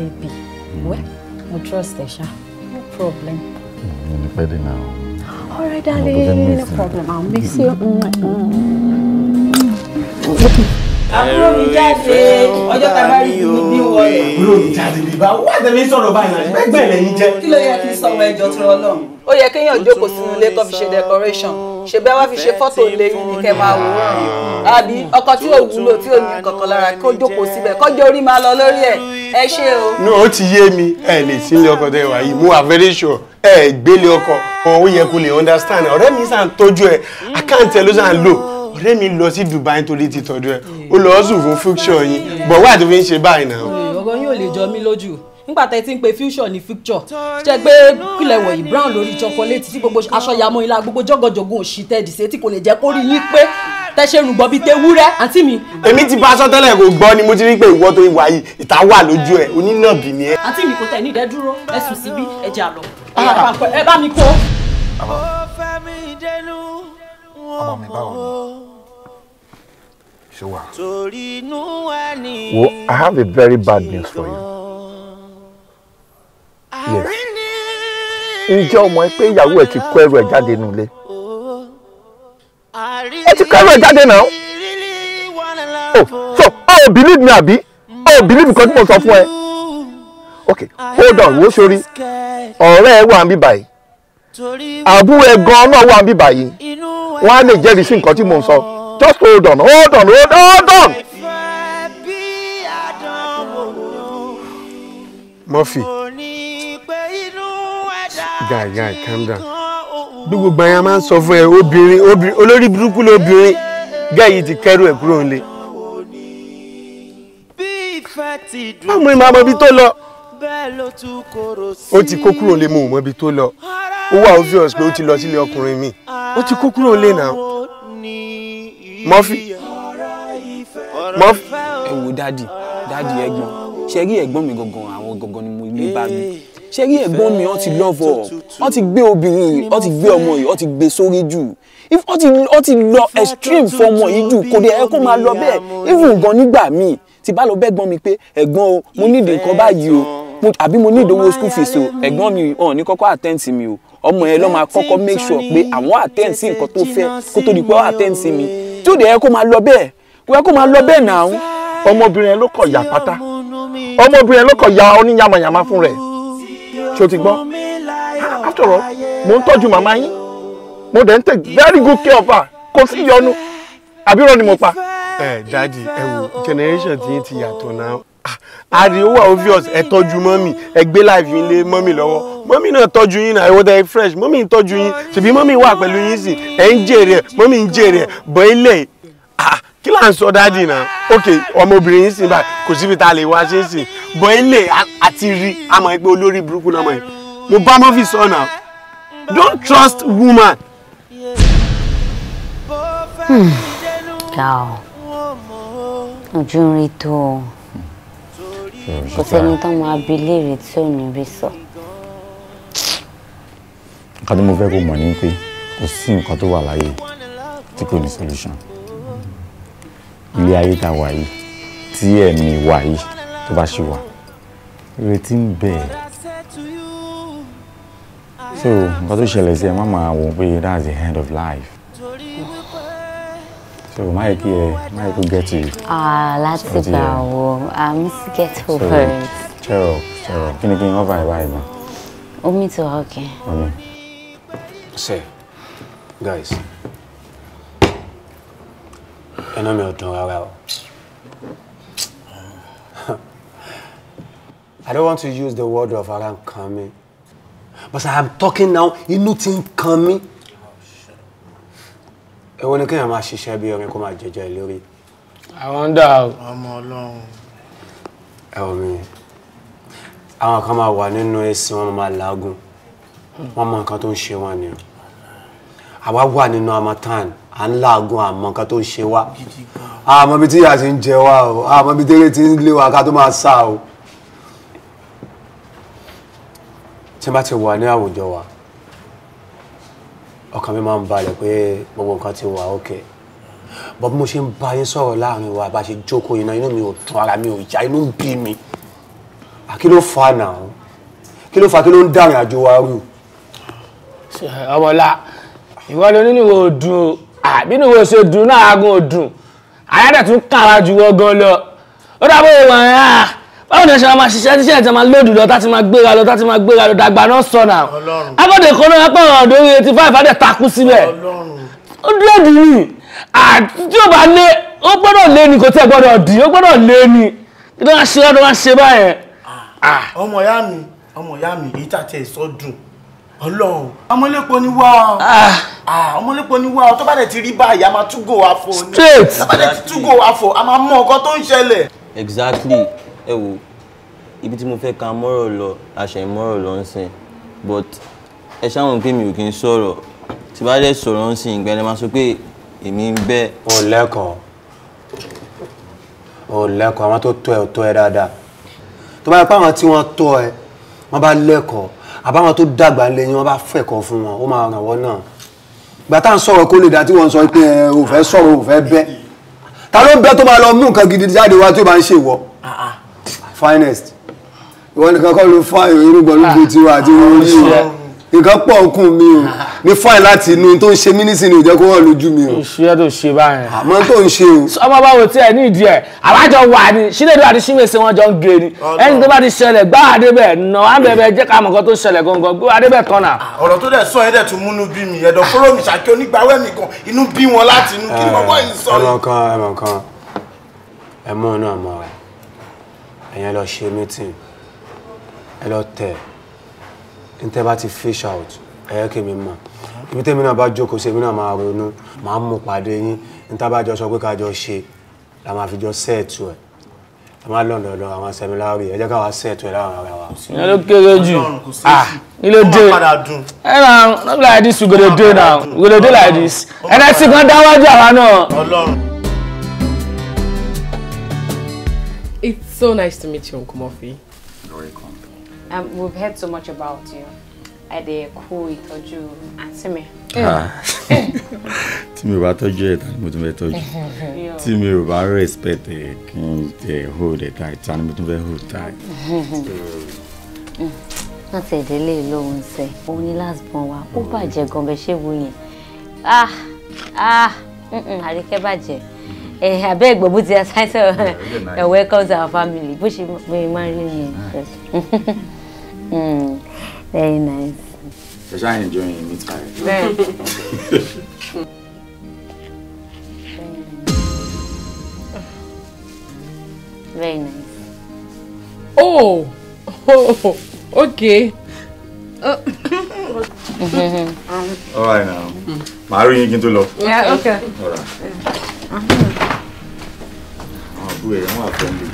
baby. Mm. Well, we trust Esha. No problem. Mm, ready now. All right, darling. No problem. I'll miss you. Mm. Àbúrò mi jáde ọjọ́ tá a bá rí ibi bí wọ́n yẹn. Àbúrò mi jáde bíbá wọ́n àtẹ̀mí sọ̀rọ̀ báyìí náà gbẹ́gbẹ́ lẹ́yìn jẹ́. Kí ló yẹ kí sọ ọmọ ẹjọ́ tó Ọlọ́run? Ó yẹ kéèyàn jókòó sínú ilé kan fi ṣe decoration. Ṣé bẹ́ẹ̀ wá fi ṣe fọ́tò lé ní kẹ́ máa wò ó? Àbí ọkọ tí ò wúlò tí ò ní kankan lára kó jókòó síbẹ̀ kọ́jọ́ orí máa lọ lórí ẹ̀ ẹ ṣe o. no ó ti yé mi ẹ lè sí ilé ọkọ tẹ wà yìí mo are very sure ẹ gbélé ọkọ ọ ó yẹ kó lè understand ọ̀rẹ́ mi sàn tọ́jú ẹ àkáǹtì ẹ ló sàn lò ọ̀rẹ́ mi lọ sí Dubai nítorí ti tọ́jú ẹ ó lọ sùn fún future yín bọ̀ wá àti fi ń ṣe báyìí náà. ọ̀gọ́ yóò lè jọ mí lójú nígbà tẹ́ ti ń pe future ní future ṣe pé kílẹ̀ wọ̀nyí brown lórí chocolate tí gbogbo aṣọ yamọ́ ilá gbogbo jọ́gọ̀jọ̀gọ̀ òṣì tẹ́ dì sí etí kò lè jẹ́ kó rí yín pé tẹ ṣe rùgbọ́ bíi tewúrẹ́ àǹtí mi. èmi ti bá aṣọ tẹ́lẹ̀ kò gbọ́ ni mo ti rí pé ìwọ tó wà yìí ìta wà lójú ẹ̀ onínàbì ni ẹ. àǹtí mi kò tẹ̀ ní ìdẹ́ dúró síbí ẹ lọ ah. ẹ bá mi kó. ọmọ mi báwo ni ṣe wà. Well, I have a very bad news for you. Yes. Ǹjẹ́ o mọ̀ pé ìyàwó ẹ̀ ti kó ẹrù ẹ̀ jáde nílé? ó ti kẹ́rù ẹ̀ jáde náà oh so oh believe me àbí oh believe because tí mo sọ fún ẹ ok hold on wo sórí ọ̀rẹ́ ẹ wà ń bí báyìí àbúrò ẹ gan náà wà ń bí báyìí wọ́n á lè jẹ́rìí sí nǹkan tí mo ń sọ just hold on hold on hold on. Hold on. Murphy, guy, guy, calm down bí gbogbo àyàn máa ń sọ fún ẹ obìnrin obìnrin olórí burúkú lóbìnrin gáyì ti kẹrù ẹ kúrò nílé. báwo ni màá mọ ibi tó lọ ó ti kó kúrò nílé mo ò mọ ibi tó lọ ó wà obvious pé ó ti lọ sílé ọkùnrin mi ó ti kó kúrò nílé náà mọ́fì mọ́fì. ẹ wo dádì dádì ẹ̀gbọ́n ṣe rí ẹ̀gbọ́n mi gangan àwọn gangan ni mo ní bá mi. Eh ṣé rí ẹ̀gbọ́n mi wọ́n ti love up wọ́n ti gbé obìnrin yìí wọ́n ti gbé ọmọ yìí wọ́n ti gbé sórí jù if wọ́n ti wọ́n lọ extreme fọmọ yìí jù kò dé ẹ kó máa lọ bẹ́ẹ̀ even gan nígbà míì tí bá lọ bẹ́ẹ̀ gbọ́n mi pé ẹ̀gbọ́n o mo ní ìdè nǹkan báyìí o àbí mo ní ìdówó school fees o ẹ̀gbọ́n mi ọ̀n ní kọ́kọ́ attend mi o ọmọ yẹn ló máa kọ́kọ́ make sure pé àwọn attend sí nǹkan tó fẹ́ kó tó di pé ó attend mi tí ó dé ẹ kó máa lọ bẹ́ẹ̀ kó ẹ kó máa lọ bẹ́ẹ̀ náà ọmọbìnrin yẹn ló kọ̀ yà pátá ọmọbìnrin yẹn ló kọ̀ yà oníyàmàyàmá fún rẹ̀ ṣó ti gbọ́ after all mo ń tọ́jú màmá yín mo dẹ̀ ń take very good care of her kò sí ìyọnu àbí irọ́ ni mo pa. ẹ dadi ẹ wo generation ti ti yàtọ̀ náà ariwo ah, wa obvious ẹ tọ́jú mọ́mì ẹ gbé láìfi ilé mọ́mì lọ́wọ́ mọ́mì náà tọ́jú yín náà ìwọ́dà ẹ fresh mọ́mì ń tọ́jú yín ṣèbí mọ́mì wà pẹ̀lú yín sì ẹ ń jèrè ẹ mọ́mì ń jèrè ẹ bọ́ ilé kí là ń sọ dáàdì náà ok ọmọbìnrin yìí sì báyìí kò síbi tá a lè wá ṣe é sì bọ ilé àti rí àmọ́ ẹgbẹ́ olórí burúkú náà mọ̀ ẹ́ mo bá mọ́fì sọ náà don't trust woman. ga ọ ojú ń rí tó o kò sẹ́ni tó máa bi léèrè tí ò ní rí sọ. nǹkan tí mo fẹ́ kó mọ̀ ni pé kò sí nǹkan tó wà láyé tí kò ní solution ilé ayé tá a wà yìí tí ẹ̀mí wà yìí tó bá ṣì wà ìrètí ń bẹ so nǹkan tó ṣẹlẹ̀ sí ẹ má máa wò pé that's the end of life so má yẹ kí ẹ má yẹ kó get to you. ah láti gbà wo ah, i get over it. cheryl cheryl kí ni kí n wọ́n báyìí báyìí náà. omi ti wà ókè. omi. sir guys inú I don't want to use the word of ara nǹkan but I am talking now inú ti ń kan mí. èwo ni kéèyàn máa ṣiṣẹ́ bí orin kó máa jẹjẹ lórí. àwọn dà o. ọmọ ọlọ́run. ẹ wọ mi àwọn kan máa wà nínú ẹ̀sìn wọn máa làágùn wọn mọ nǹkan tó ń ṣe wọn ni àwa wà nínú harmattan à ń làágùn àmọ́ nǹkan tó ń ṣe wá àmọ́ bí tí ìyá ti ń jẹ wá o àmọ́ bí tẹ́lẹ̀ ti ń lé wa ká tó máa sá o. tí n bá ti wà ní àwùjọ wa ọkàn mi máa ń balẹ̀ pé gbogbo nǹkan ti wà ókè bọ́ bí mo ṣe ń bá yín sọ̀rọ̀ láàrin wa bá ṣe jókòó yìí inú mi ò tún ara mi ò já inú ń bí mi kí ló fa náà kí ló fa kí ló ń dàrin àjò wa rú. àwọn ọ̀la ìwádìí onínìwò dùn o àbínú wo ṣe dùn náà agun òdùn àyàdẹ̀ tún kàrà ju wọ́n gan lọ ó dábò wọ̀n ẹ́ ah, à báwo ni ẹ ṣe máa ṣiṣẹ́ tíṣẹ́ ìjọba máa lóòdù lọ táti máa gbéra lọ táti máa gbéra lọ dàgbà náà sọ náà agbọ́dẹ kan náà pọ̀ ọ̀rọ̀ lórí eighty five adẹ̀ takú síbẹ̀ ó lóòdù ni àti ò bá lé ó gbọ́dọ̀ lé ni kò tẹ́ gbọ́dọ̀ dì ó gbọ́dọ̀ lé ni kí ló wá ṣe ọ́ ló wá ṣe báyẹn. ọmọ ìyá mi ọmọ ìyá mi èyí tà tẹ ìsọdùn Ọlọ́run ọmọlépo ni wá ọ ah. ah, ọmọlépo ni wá ọ tó bá dẹ̀ ti rí báyìí a máa túgò àfọ ni straight tó bá dẹ̀ ti túgò àfọ a máa mọ nǹkan tó ń ṣẹlẹ̀. exactly ẹ wo ibi tí mo fẹ́ ka mọ́rọ̀ lọ àṣẹ mọ́rọ̀ lọ ń sìn but ẹ ṣáwọn pé mi ò kí ń sọ̀rọ̀ tí bá dẹ̀ sọ̀rọ̀ ń sìn ìgbẹ́ni máa sọ pé èmi ń bẹ́. o lẹ́kọ̀ọ́ o lẹ́kọ̀ọ́ àwọn tó tọ́ ẹ tó ẹ dáadáa tó bá yẹ pé àwọn tí wọ́n tọ́ ẹ wọ́n bá lẹ́kọ̀ọ́ àbáwọn tó dàgbà ńlẹ̀ yín wọ́n bá fún ẹ̀kọ́ fún wọn ó máa ràn wọ́n náà gbàtà ń sọ̀rọ̀ kó lè dá tí wọ́n sọ pé ẹ ò fẹ́ sọ̀rọ̀ ò fẹ́ bẹ́ ta ló bẹ́ tó máa lọ mú nǹkan gidi jáde wá tí ó máa ń ṣe ìwọ ah, ah. finest ìwọ nìkan kọ́ ló fún àyè irúgbọ́n ló gbé tiwa àti orí rẹ̀ nǹkan pọ̀ ọkùn mi o ní fáìn láti inú tó ń ṣe mí nísìnyí ò jẹ́ kó wọ́n lójú mi o. ìṣú ẹ tó ṣe báyẹn. àmọ́ tó ń ṣe o. ọmọ báwo tí ẹ ní ìdí ẹ àbájọ wà ní sílẹ̀dọ̀ àti símèsè wọn jọ ń gé ni ẹni tó bá ti ṣẹlẹ̀ gbá adébẹ̀ nà á bẹ̀bẹ̀ jẹ́ ká mọ̀kọ́ tó ṣẹlẹ̀ gangan gbé adébẹ̀ kan nà. ọ̀rọ̀ tó dẹ̀ sọ ẹ dẹ̀ tún múnú bí mi ẹ̀dọ̀ fọ́rọ̀ mi ṣàkí onígbàwẹ́ mi gan inú bí wọn láti inú kí ni wọ́n bọ́ yìí sọ. ẹmọ kan ẹmọ kan ẹmọ náà mọ ẹyẹn lọ ṣe mítìn n tẹ́ bá ti fish out ẹ̀yẹ́ kí mi mọ̀ ibi tẹ́mi náà bá jókòó sí èmi náà máa ronú máa mú pàdé yín n tá bá jọ sọ pé ká jọ ṣe la máa fi jọ sẹ́ẹ̀tù ẹ̀ ẹ má lọ lọ lọ àwọn sẹmílárì ẹ jẹ́ ká wá sẹ́ẹ̀tù ẹ̀ láwọn ara wa. ìyẹn ló kéré jù ilé ah, dé ẹ na no be like this we go dey dey now we go dey dey like this ẹ sì kan dáwájú àwa náà. It's so nice to meet you, Uncle Murphy. Um, we've heard so much about you. I dey kú ìtọ́jú àǹtí mi. Tí mi ò bá tọ́jú ẹ̀ tani mo tún fẹ́ tọ́jú. Tí mi ò bá respect ẹ̀ kí n tẹ̀ hold ẹ̀ tight tani mo tún fẹ́ hold tight. Láti ìdílé lóhun ṣe, òun ni last born wa, ó bàjẹ́ gan bẹ́ẹ̀ ṣé wo yẹn. Ah ah àríkẹ́ bàjẹ́ mm-hmm. eh, abẹ́ ìgbọ̀bú ti àṣàṣọ ẹ̀ welcome to our family bó ṣe máa ń rí yẹn. Mm, very nice. Because I enjoying it, me tired. Very. nice. Oh! Oh, okay. Uh. All right now. Maru, you can do love. Yeah, okay. All right. Uh-huh. gbogbo ẹ̀yẹ wọn àfẹ́ǹdì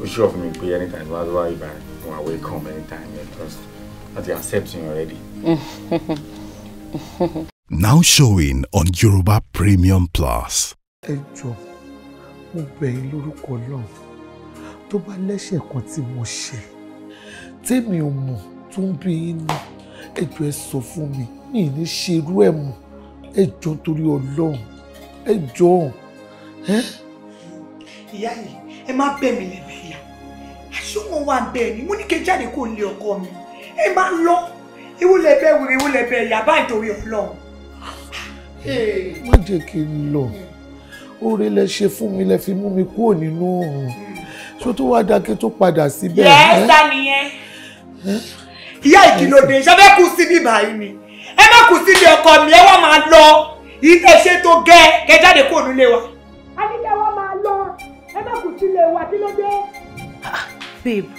o ṣọ́ fún mi pé anytime wá wá ibà wọn àwẹ̀ come anytime yẹn trust láti accept you already. Now showing on Yoruba Premium Plus. tó bá lẹ́ṣẹ̀ kan tí mo ṣe tèmi ò mọ̀ tó ń bí yín nù ẹ sọ fún mi mi ní ṣerú ẹ̀ mọ́ ẹ torí Ọlọ́run ẹ jọ̀ọ́ ìyá yìí ẹ má bẹ̀ mí lẹ́nu ìyá aṣọ wọn wà bẹ́ẹ̀ ni mo ní kí n jáde kó lé ọkọ mi ẹ má lọ ìwúlẹ̀ bẹ́ẹ̀ wúre ìwúlẹ̀ bẹ́ẹ̀ ìyá bá ìtòrí ọlọ́run. má jẹ́ kí n lọ oore lẹ ṣe fún mi lẹ fi mú mi kúrò nínú òòrùn ṣó tó wáá dákẹ́ tó padà síbẹ̀. yẹ ẹ sá nìyẹn ìyá ìkìlódé ṣẹ́fẹ́ kù síbi báyìí ni ẹ má kù síbi ọkọ mi ẹ wá máa lọ ìtẹ̀ṣe tó gẹ́ kẹ kó nílé wa sílé wa kí ló dé. Ah, ah, babe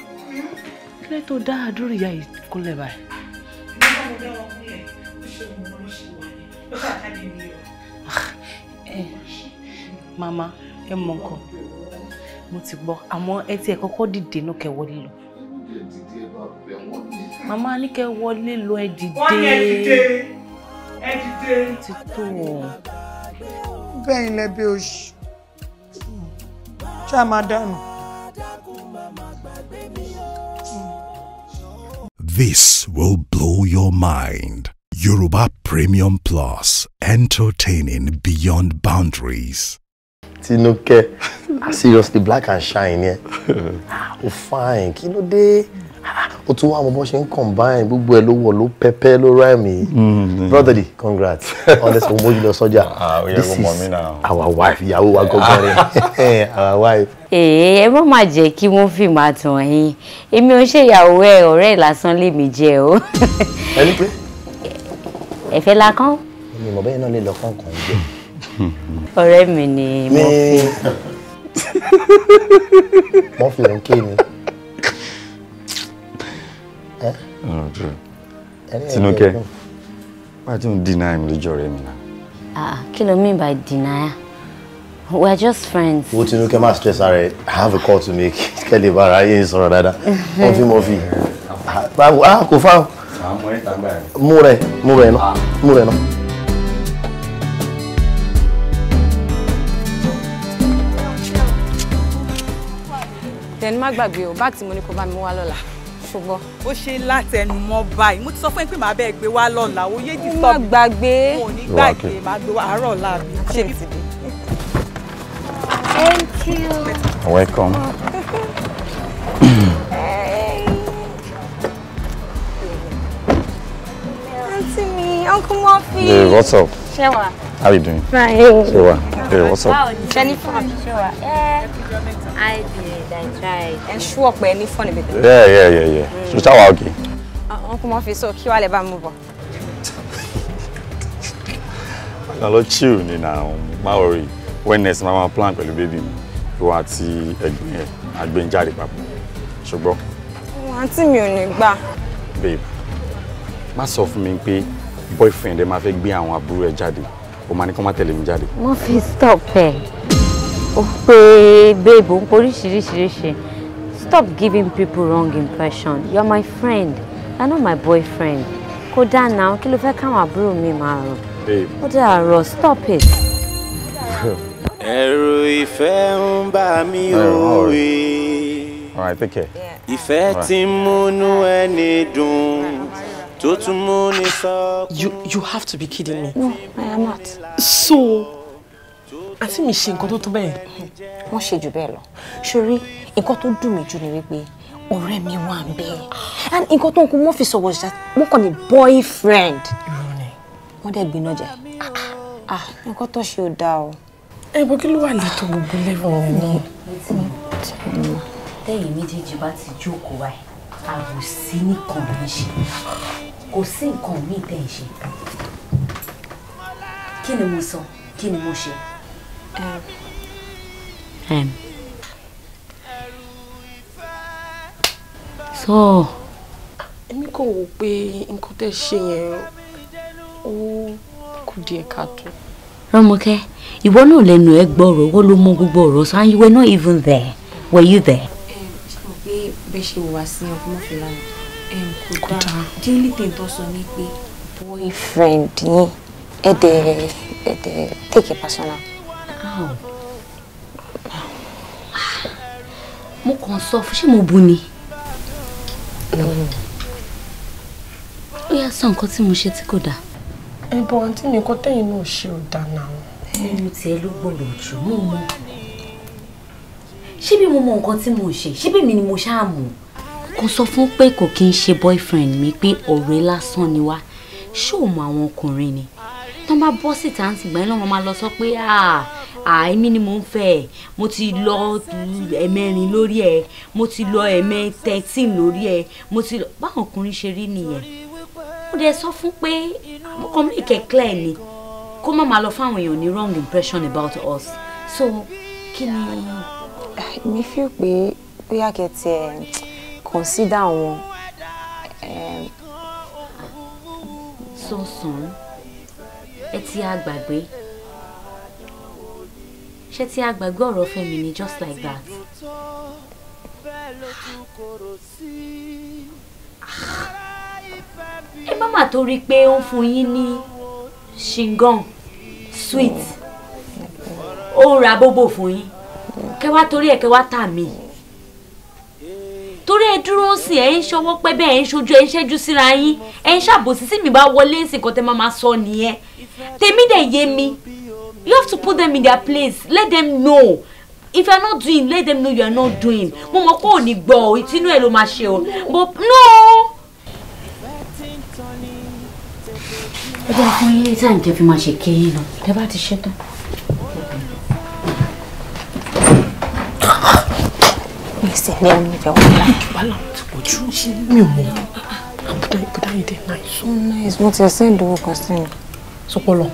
kí ló tó dá àdúrà ìyá yìí kúnlẹ̀ báyìí. Ah, eh, mama ẹ mọ nǹkan mo ti gbọ́ àmọ́ ẹ tiẹ̀ kọ́kọ́ dìde náà kẹ́ wọlé lọ. mama ní kẹ́ wọlé lọ ẹ dìde. wọ́n ní ẹ dìde ẹ dìde. bẹ́ẹ̀ ni lẹ́bi oṣù ṣé a máa dànù. This will blow your mind. Yoruba Premium Plus, entertaining beyond boundaries. Tinúkẹ́, I see seriously black and shine yẹn. Yeah. Oh fine, kí ló dé? o tún wá àwọn bó ṣe ń combine gbogbo ẹ ló wọ ló pẹpẹ ló rhyme yìí mm-hmm. brotherly congrats honestly mo jùlọ sọjà ah, ah, this is our wife ìyàwó wa gọgọrin ah. eh, our wife. ẹ eh, ẹ má má jẹ́ kí wọ́n fi máa tàn yín èmi ò ṣèyàwó ẹ ọ̀rẹ́ lásán lèmi jẹ́ o. ẹ ní pé. ẹ̀fẹ́ la kán. mi ò mọ̀ bẹ́ẹ̀ náà lè lọ kán kàn jẹ. ọ̀rẹ́ mi ni mo fi. mo fi ń ké ni. Tinúkẹ́ why don't you deny me lójú ọ̀rẹ́ mi náà. ah kí ló mean by deny we are just friends. wo Tinúkẹ́ má stress ara i have a call to make kẹ́lẹ́ bara, ayé ń sọ̀rọ̀ dáadáa mọ́fí mọ́fí ah kò fáwọn mú rẹ mú rẹ náà mú rẹ náà. then má gbàgbé o báàgì tí mo ní kó bá mi wá lọ́la ṣùgbọ́n. ó ṣe látẹnumọ́ báyìí mo ti sọ fún ẹ pé màá bẹ́ẹ̀ gbé wá lọ́la ó yé jìsọ mi. má gbàgbé. mo ní gbàgbé màá gbé wá àárọ̀ ọ̀la mi. thank you. welcome. uncle Murphy. Hey, what's up? ṣé How are you doing? Fine. Hey, what's up? Wow, Jennifer. Shewa. Eh, I did. I tried. And sure, but any funny bit. Yeah, yeah, yeah, yeah. Mm. So, Shewa, okay. Uncle Murphy, so kí wá lè bá mú bọ̀. Na lọ chill ni na ma worry. When next mama plan pẹ̀lú baby mi. Ìwọ àti ẹ̀gbọ́n ẹ agbe njare papọ̀. Ṣùgbọ́n. Àǹtí mi ò ní gbà. Babe. Má sọ fún mi pé boyfriend ẹ máa fẹ́ gbé àwọn àbúrò ẹ jáde o máa ní kó má tẹ̀lé mi jáde. mo fi stop ẹ o pe babe o ń poríṣiríṣiríṣi stop giving people wrong impression You are my friend i know my boyfriend kódà náà kí ló fẹ́ káwọn àbúrò mi máa rò ó dàrọ stop it. ẹ̀rù ìfẹ́ ń bà mí òwe ìfẹ́ tí múnú ẹni dùn you you have to be kidding me. no i am not. so I mi ṣe nǹkan tó tó What she do jù bẹ́ẹ̀ in ṣorí nǹkan tó dùn mí jù ni wípé mi wà ń and in tó ń kú wọ́n fi sọ̀rọ̀ ṣá wọ́n kàn ní boyfriend. wọ́n dẹ̀ gbiná jẹ ah in ah, tó ṣe ò dáa Eh, but bọ́ kí ló wà lẹ́tọ̀ gbogbo lẹ́wọ̀n rẹ̀ náà. tẹ́yìn méjèèjì bá ti jókòó wáyé àwòsí nìkan ní kò sí nǹkan míì tẹ̀ ń ṣe kí ni mo sọ kí ni mo ṣe. sọ. èmi kò wò pé nǹkan tẹ̀ ṣe yẹn ó kù díẹ̀ káàtó. Rọ́mọkẹ́ ìwọ náà lẹ́nu ẹ gbọ́rọ̀ owó ló mọ gbogbo ọ̀rọ̀ so you were not even there were you there. ẹ ṣe mọ̀ pé bẹ́ẹ̀ ṣe wà sí ọkùnrin fúlàní kò dáa daily thing tó sọ ni pé boyfriend yín ẹ̀dẹ̀ ẹ̀dẹ̀ take it personal. Ah. mo kàn sọ fún ṣé mo bu ni. ó yá sọ nǹkan tí mo ṣe tí kò dáa. ẹ̀bùn àǹtí mi kọ́ tẹ́yìn náà ṣe ò dáa náà. nínú tiẹ̀ ló gbọ́dọ̀ jù mọ́ mọ́ ṣé bí mo mọ nǹkan tí mo ṣe ṣé bí mi ni mo ṣáà mọ̀ kò sọ fún pé kò kí n ṣe boyfriend mi pé ọ̀rẹ́ lásán ni wá ṣé ò mọ àwọn ọkùnrin ni tán bá bọ́ síta ń sìgbà náà wọ́n máa lọ sọ pé àìmí ni mo ń fẹ́ ẹ̀ mo ti lọ ẹ̀mẹrin lórí ẹ̀ mo ti lọ ẹ̀mẹ thirteen lórí ẹ̀ mo ti lọ báwọn ọkùnrin ṣe rí nìyẹn ó dẹ̀ sọ fún pé kọ́ mi kẹ̀ clear ni kó má máa lọ fáwọn èèyàn ní wrong impression about us so kí ni. mi fi pé bóyá kẹ tiẹ̀ consider wọn. Eh, sọ̀sán ẹ ti àgbàgbé ṣé ti àgbàgbé ọ̀rọ̀ Fẹ́mi ni just like that. ẹ má má torí pé ó ń fún yín ní shingon sweet ó ń ra bóbò fún yín kẹ wá torí ẹ kẹ wá tà mí torí ẹ dúró sí ẹ ń ṣọwọ́ pẹ́ bẹ́ẹ̀ ń ṣojú ẹ ń ṣẹ́jú síra yín ẹ ń ṣàbòsí sí mi bá wọlé ń sìnkàn tẹ́ máa máa sọ nìyẹn tèmi dẹ̀ yé mi you have to put them in their place let them know if you are not doing let them know you are not doing mo mọ̀ kó o ní gbọ́ ọ ìtinú ẹ ló máa ṣe o but no. ẹ jẹ́ fún yín fi máa ṣe kéyìn lọ tẹ́ bá ti ṣetán. mi sì ní ẹni ìfẹ́ wọn lá. wàhálà wọn ti pọ̀ jù ṣé mi ò mọ̀ àbúdá ah, ìbúdá yìí dé náà. so nice mo ti ẹsẹ̀ ìdòwò kan sí mi. sọpọlọ.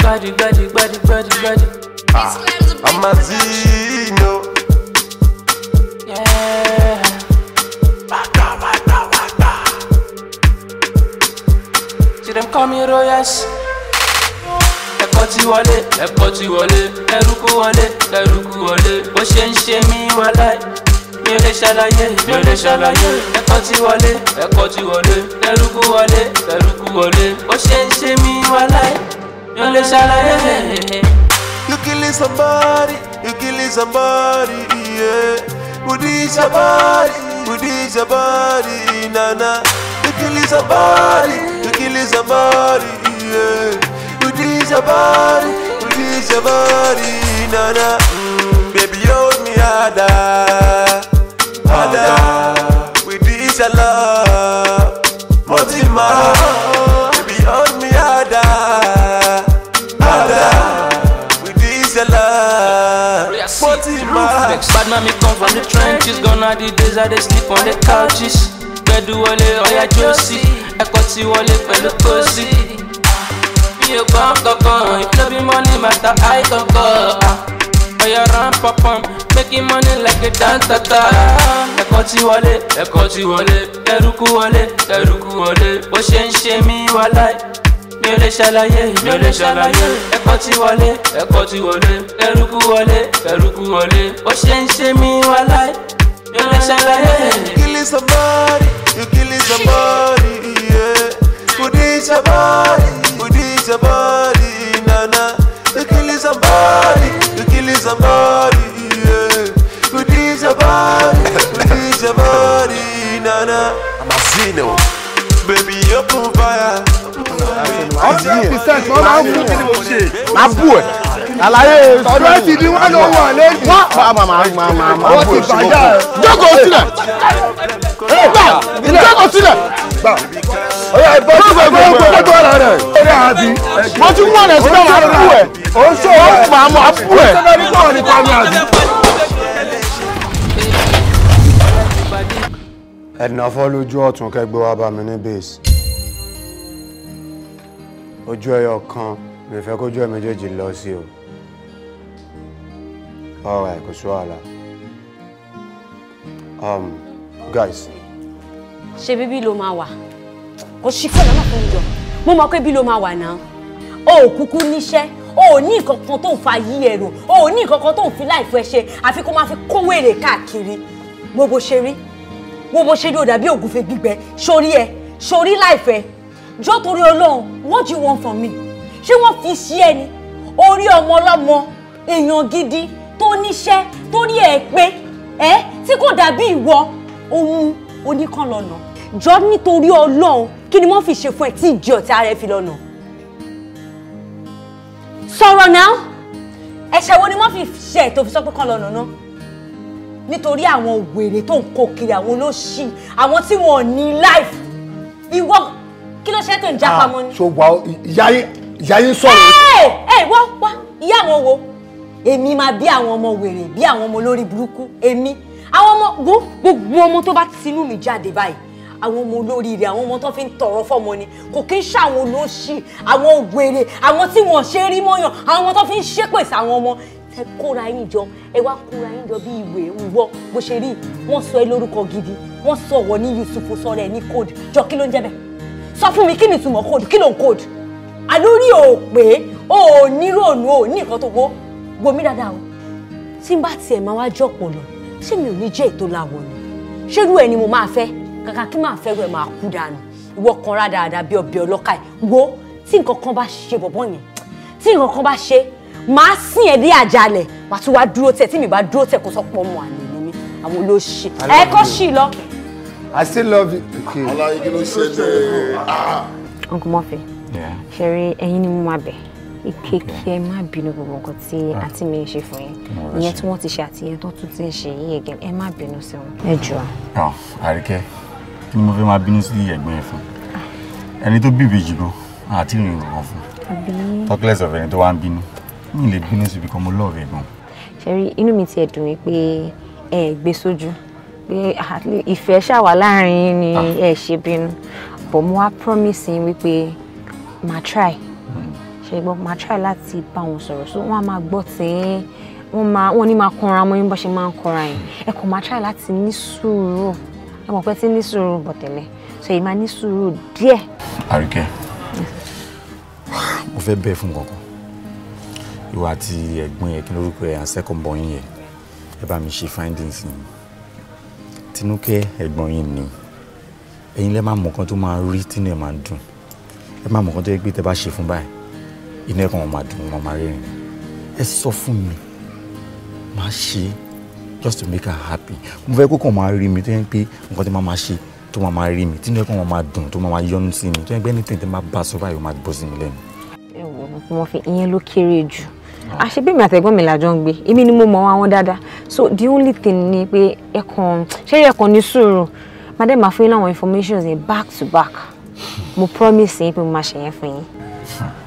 gbadi gbadi gbadi gbadi gbadi. amazino. Yeah. See them call me Royas ti wọlé ẹ̀kọ́ ti wọlé ẹrúkú wọlé ẹrúkú wọlé bó ṣe ń ṣe mí wàláì mi ò lè ṣàlàyé mi ò lè ṣàlàyé ẹ̀kọ́ ti wọlé ẹ̀kọ́ ti wọlé ẹrúkú wọlé ẹrúkú wọlé bó ṣe ń ṣe mí wàláì mi ò lè ṣàlàyé. You killing somebody, you killing somebody, yeah. Who did your body, who did your body, nana? You killing somebody, you killing somebody, yeah. release your body, release your body, na Mm, baby, hold me harder, harder. With this your love, motive my heart. Baby, hold me harder, harder. With this your love, motive my heart. Bad mommy come from the trenches, gone are the days I they sleep on the couches. Bedu wale ọ̀yà jọ́sí, ẹ̀kọ́ ti wọlé pẹ̀lú kọ́sí. you come, go, go. If no be money matter, I go, go. Ah. Oh, you run, pop, pump. Making money like a dance, ta, ta. Ẹ̀kọ́ ti wọlé, ẹ̀kọ́ ti wọlé. Ẹrúkú wọlé, ẹrúkú wọlé. Bó ṣe ń ṣe mí wá láì. Mi ò lè ṣàlàyé, mi ò lè ṣàlàyé. Ẹ̀kọ́ ti wọlé, ẹ̀kọ́ ti wọlé. Ẹrúkú wọlé, ẹrúkú wọlé. Bó ṣe ń ṣe mí You killing somebody, you killing somebody, yeah. Kùdí somebody, with your body, nana. You killing somebody, you killing somebody, yeah. With this your body, with this your body, nana. I'm a zino. Baby, open fire. hundred percent ni wọn lọ wà lẹ́yìn. wá máa máa máa máa máa bù ẹ sí jókòó sílẹ̀ jókòó sílẹ̀ gbà ọyọ ẹgbẹ tó fẹ gbẹ gbẹ gbẹ tó wà lára mo ti mú ọ̀nà síbẹ̀ máa bú ẹ̀. ó ń ṣe ó máa mú abú ẹ̀. ẹ̀dùn afọ́ lójú ọ̀tún kẹgbẹ́ wa bá mi ní base ojú ẹyọ kan mi fẹ́ kójú ẹ méjèèjì lọ sí o ọ̀rọ̀ ẹ̀ kò sí wàhálà um guys ṣe bíbí ló máa wà kò sí fún ọ̀nà fún ìjọ mo mọ̀ pé bí ló máa wà náà o ò kúkú níṣẹ́ o ò ní ìkankan tó ń fa yí ẹ̀rọ o ò ní ìkankan tó ń fi láìfọ ẹ ṣe àfi kó máa fi kówó èrè káàkiri wo bó ṣe rí wo bó ṣe rí o dàbí ògúnfe gbígbẹ sórí ẹ sórí láìfẹ jọ torí Ọlọ́run what you want from me ṣé wọ́n fi sí ẹni orí ọmọ ọlọ́mọ èèyàn gidi tó níṣẹ́ tó ní ẹ̀ pé ẹ tí kò dàbí ìwọ òun ó ní kàn lọ́nà jọ nítorí ọlọ́run kí ni wọ́n fi ṣe fún ẹ tí ìdí ọ̀tí ara ẹ fi lọ́nà. sọ̀rọ̀ náà ẹ̀ṣẹ̀ wo ni wọ́n fi ṣe ẹ̀ fi sọ pé kàn lọ́nà náà nítorí àwọn wèrè tó ń kó kiri àwọn olóṣì àwọn tí wọn ò ní life ìwọ kí ló ṣe tó ń jápa ah, mọ́ ni. ṣùgbọ́n ìyá yín sọ̀rọ̀. ẹ ẹ wá wá ìyá àwọn wo èmi máa bí àwọn ọmọ wèrè bí àwọn ọmọ olórí burúkú èmi àwọn ọmọ gbogbo ọmọ tó bá tinú mi jáde báyìí àwọn ọmọ olóríire àwọn ọmọ tó fi ń tọrọ fọmọ ni kò kí ń ṣàwọn olóṣì àwọn ògbèrè àwọn tí wọn ṣe rí mọyàn àwọn ọmọ tó fi ń ṣépèsè àwọn ọmọ ẹ kóra yín jọ ẹ wá kóra yín jọ bí ìwé wúwọ bó ṣe rí wọn sọ ẹ lórúkọ gidi wọn sọ wọ ní Yusuf sọ̀rọ̀ ẹ ní code jọ kí ló ń jẹ bẹ sọ fún mi kí ni ìtumọ̀ code kí ló ń code àlórí ò pé o ò ní ròònù o ní nǹkan tó wó wo mi dáadáa o tí n bá tiẹ̀ máa wá jọ̀pọ̀ lọ ṣé mi ò ní jẹ́ ètò làwọn ni ṣérú ẹ ni mo máa fẹ́ kàkà kí máa fẹ́ rẹ̀ máa kú dànù ìwọ kan rá dáadáa bí ọbẹ̀ ọlọ́kà ẹ̀ wo tí nǹkan kan bá ṣe bọ̀bọ̀ yẹn tí nǹkan kan bá ṣe màá sìn ẹ́ dé àjálẹ̀ màá tún wá dúró tẹ̀ tí mi bá dúró tẹ̀ kó sọ pọ̀ mọ́ àná mi àwọn olóṣì ẹ kọ́ sí lọ. I still love you. ọlá igi ló ṣe é dé. uncle ni mo máa bẹ̀ ìkéèké ẹ má bínú gbogbo nǹkan tí ah. àǹtí mi ń ṣe fún yín ìyẹn tí wọ́n ti ṣe àti ìyẹn tó tún ti ń ṣe yí ẹ̀gẹ́ ẹ má bínú sí wọn ẹ jù á. Ah, àríkẹ́ kí ni mo fẹ́ máa bínú sí ẹ̀gbọ́n yẹn fún ẹni tó bíbí jìgò àti ìrìn òkàn fún talkless of ẹni tó wá ń bínú mi lè bínú síbi kan mo lọ́ọ̀rẹ́ gan. ṣẹ́rí inú mi ti ẹ̀dùn wípé ẹ gbé sójú pé ah, ìfẹ́ ṣàwà láàrin ni ẹ ṣe bínú but mo wá promise yín wípé màá try. Mm ṣùgbọ́n màá try láti bá wọn sọ̀rọ̀ so wọ́n á máa gbọ́ tẹ́ wọ́n máa wọ́n ní máa kanra mọ́ yín bó ṣe máa ń kanra yẹn ẹ kò máa try láti ní sùúrù ẹ mọ̀ pé tí ní sùúrù bọ̀ tẹ́lẹ̀ so èyí máa ní sùúrù díẹ̀. àríkẹ́ mo fẹ́ bẹ́ẹ̀ fún kankan ìwà àti ẹ̀gbọ́n yẹn kí lórúkọ ẹ̀ and second born yẹn ẹ bá mi ṣe findings ni Tinúkẹ́ ẹ̀gbọ́n yìí ni ẹ̀yin lẹ́ẹ̀ máa mọ̀ kan tó máa rí tínú ẹ̀ máa dùn ẹ máa mọ̀ kan tó yẹ pé tẹ bá ṣe fún báyìí inú ẹ̀kọ́ wọn máa dùn wọn máa rẹ́rìn ẹ sọ fún mi máa ṣe just to make her happy mo fẹ́ kó kàn máa rí mi tó yẹn pé nǹkan tí máa máa ṣe tó máa máa rí mi tí inú ẹ̀kọ́ wọn máa dùn tó máa máa yọnu sí mi tó yẹn pé anything tí máa bá sọ báyìí ó máa bọ́ sí mi lẹ́nu. ẹ wọ ọmọ fi ìyẹn ló kéré jù ah. àṣebí mi àtẹ̀gbọ́n mi làjọ ń gbé èmi ni mo mọ̀ àwọn dáadáa so the only thing ni pé ẹ̀kan ṣé ẹ̀kan ní sùúrù máa dẹ́ máa fún yín láwọn information yẹn back to back hmm. mo promise yín pé mo máa ṣe yẹn fún yín. Hmm.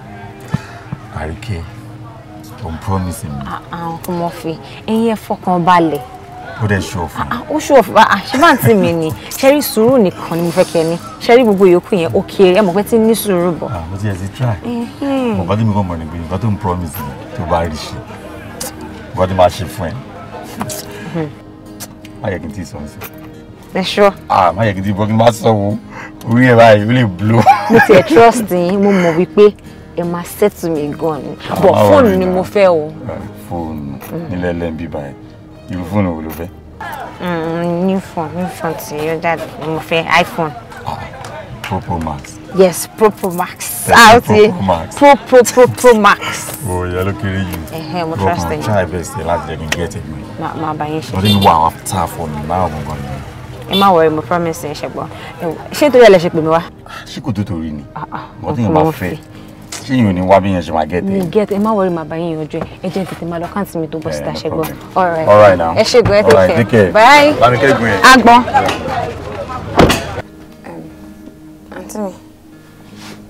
Àríkẹ́ òun promise mi. Ah, ah, Uncle Murphy ẹ̀yin ẹ fọkàn balẹ̀. ó dẹ̀ ṣó òfin. Ah, ó ṣó òfin ṣé bá ń tì mí ni ṣẹ́rí sùúrù nìkan ni mo fẹ́ kẹ́ ni ṣẹ́rí gbogbo yòókù yẹn ó kéré ẹ mọ̀ pé tí ní sùúrù bọ̀. mo ti ẹ̀ ti try. bàbá tí mi kàn mọ̀ ní pé tó ń promise mi tó bá rí ṣe bàbá tí máa ṣe fún ẹ. Mm-hmm. má yẹ kí n tí ì sọ ọ́n sí. ẹ ṣọ́. má yẹ kí n tí bọ́ kí n má sọ wo orí ẹ̀ báyìí ó lè blow. mo ti ẹ̀ trust yín mo mọ̀ wípé ẹ máa settle me gan ah, but fóònù ni mo fẹ́ o. fóònù nílẹ̀ lẹ́yìn bíbá ẹ̀ irú fóònù wo ló fẹ́. Mm, new phone new phone ti yóò dá mo fẹ́ iphone. pro pro max. yes pro ah, pro max. pro pro pro pro pro pro max. o yẹ ló kéré yìí. mo trust ẹ. try best ẹ eh, láti jẹ kí get it mi. màá bá yín ṣe. lórí wà after phone mi máa gbọ̀ngàn ni ẹ má wọrí mo promise ẹ ṣẹgbọn ṣé torí ẹ lè ṣe pè mí wá. Ah, ṣé kò tó torí ni mo ti yàn bá fẹ́ tí yìí ò ní wá bí yẹn ṣe máa gẹ̀tẹ̀. mi gẹ̀tẹ̀ ẹ má wọrí màbá yín yanjú ẹ ẹ jẹ́ tètè máa lọ káàntì mi tó bọ́ síta ṣẹ́gbọ́n ọ̀rẹ́ ẹ ṣègùn ẹ tètè kẹ́ báyìí agbọ́n. àǹtí mi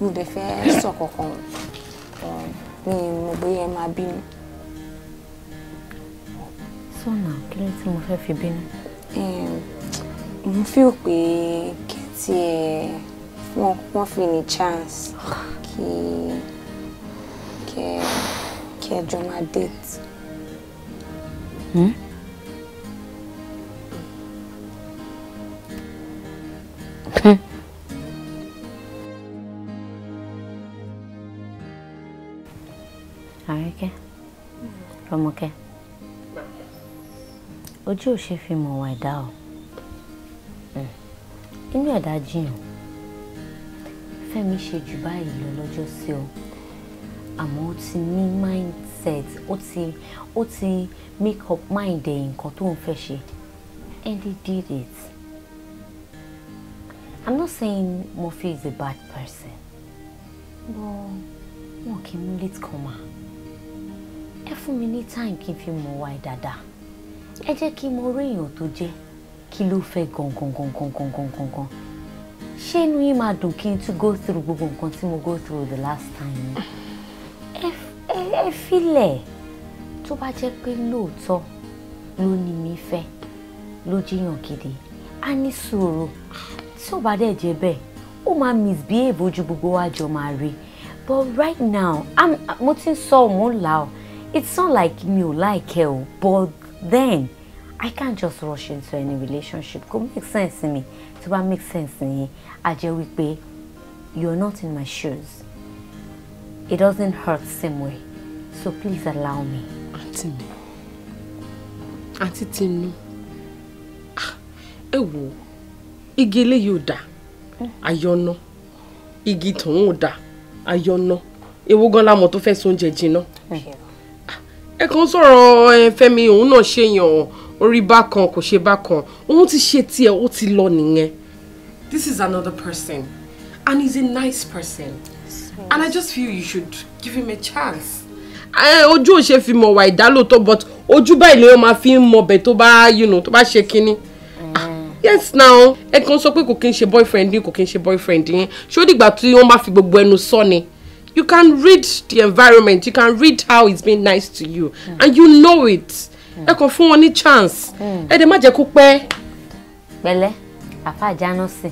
mo lè fẹ́ sọ kankan um, mi mo bóyá ẹ máa bínú. sọ́nà kí ló tí mo fẹ́ fi bínú. Um, mo fi ò pé kí n tiẹ̀ wọ́n fi ní chance. que, que, é, que é de uma date. Hum? Ai, que? Vamos que? Ojú ò ṣe fi mọ̀ wá ẹ̀dá o. Hum. Inú ẹ̀dá jiyàn. fẹ́mi ṣe jù báyìí lọ lọ́jọ́ sí o àmọ́ ó ti ní mindset ó ti ó ti make up mind ẹ̀ nǹkan tó ń fẹ́ ṣe and he did it i'm not saying Murphy is a bad person but wọn kì í mú late comer ẹ fún mi ní time kí n fi mọ̀ wá ẹ dáadáa ẹ jẹ́ kí n mọ̀ orí èèyàn tó jẹ́ kí ló fẹ́ gangan gangan gangan gangan ṣé inú yín máa dùn kí n tún go through gbogbo nǹkan tí mo go through the last time ẹ ẹ filẹ̀ tó bá jẹ́ pé lóòótọ́ ló ní mi fẹ́ ló jiyàn gidi a ní sùúrù tí ò bá dẹ̀ jẹ́ bẹ́ẹ̀ ó máa misbehave ojú gbogbo wa jọ máa rí but right now I'm, mo ti ń sọ ọ́ mo ń là ọ́ it's not like mi ò like ẹ o but then. I can't just rush into any relationship kò make sense to me. tó bá make sense yẹn a jẹ́ wípé you are not in my shoes it doesn't hurt same way so please allow me. àǹtí mi àǹtí tinú ah, ẹ wò ó igi eléyìí ò dáa àyọ̀nà igi tòun ò dáa àyọ̀nà èwo gan la mọ̀ tó fẹ́ sóúnjẹ jìnnà ah, ẹ kàn sọ̀rọ̀ Fẹ́mi òun náà ṣèyàn orí bákan kò ṣe bákan òun ti ṣe tiẹ̀ ó ti lọ nìyẹn. This is another person and he's a nice person and I just feel you should give him a chance. ojú ò ṣe fi mọ̀ wà ìdálótọ́ but ojú báyìí lèèyàn máa fi ń mọbẹ̀ tó bá you know tó bá ṣe kínní. Ah, yes now ẹ kàn sọ pé kò kí n ṣe boyfriend yín kò kí n ṣe boyfriend yín ṣó dìgbà tí wọ́n bá fi gbogbo ẹnu sọ ni. you can read the environment you can read how he's been nice to you mm. and you know it ẹ kàn fún wọn ní chance hmm. ẹ dẹ̀ má jẹ́ kó pẹ́. pẹ̀lẹ́ àfa jánọ́sìn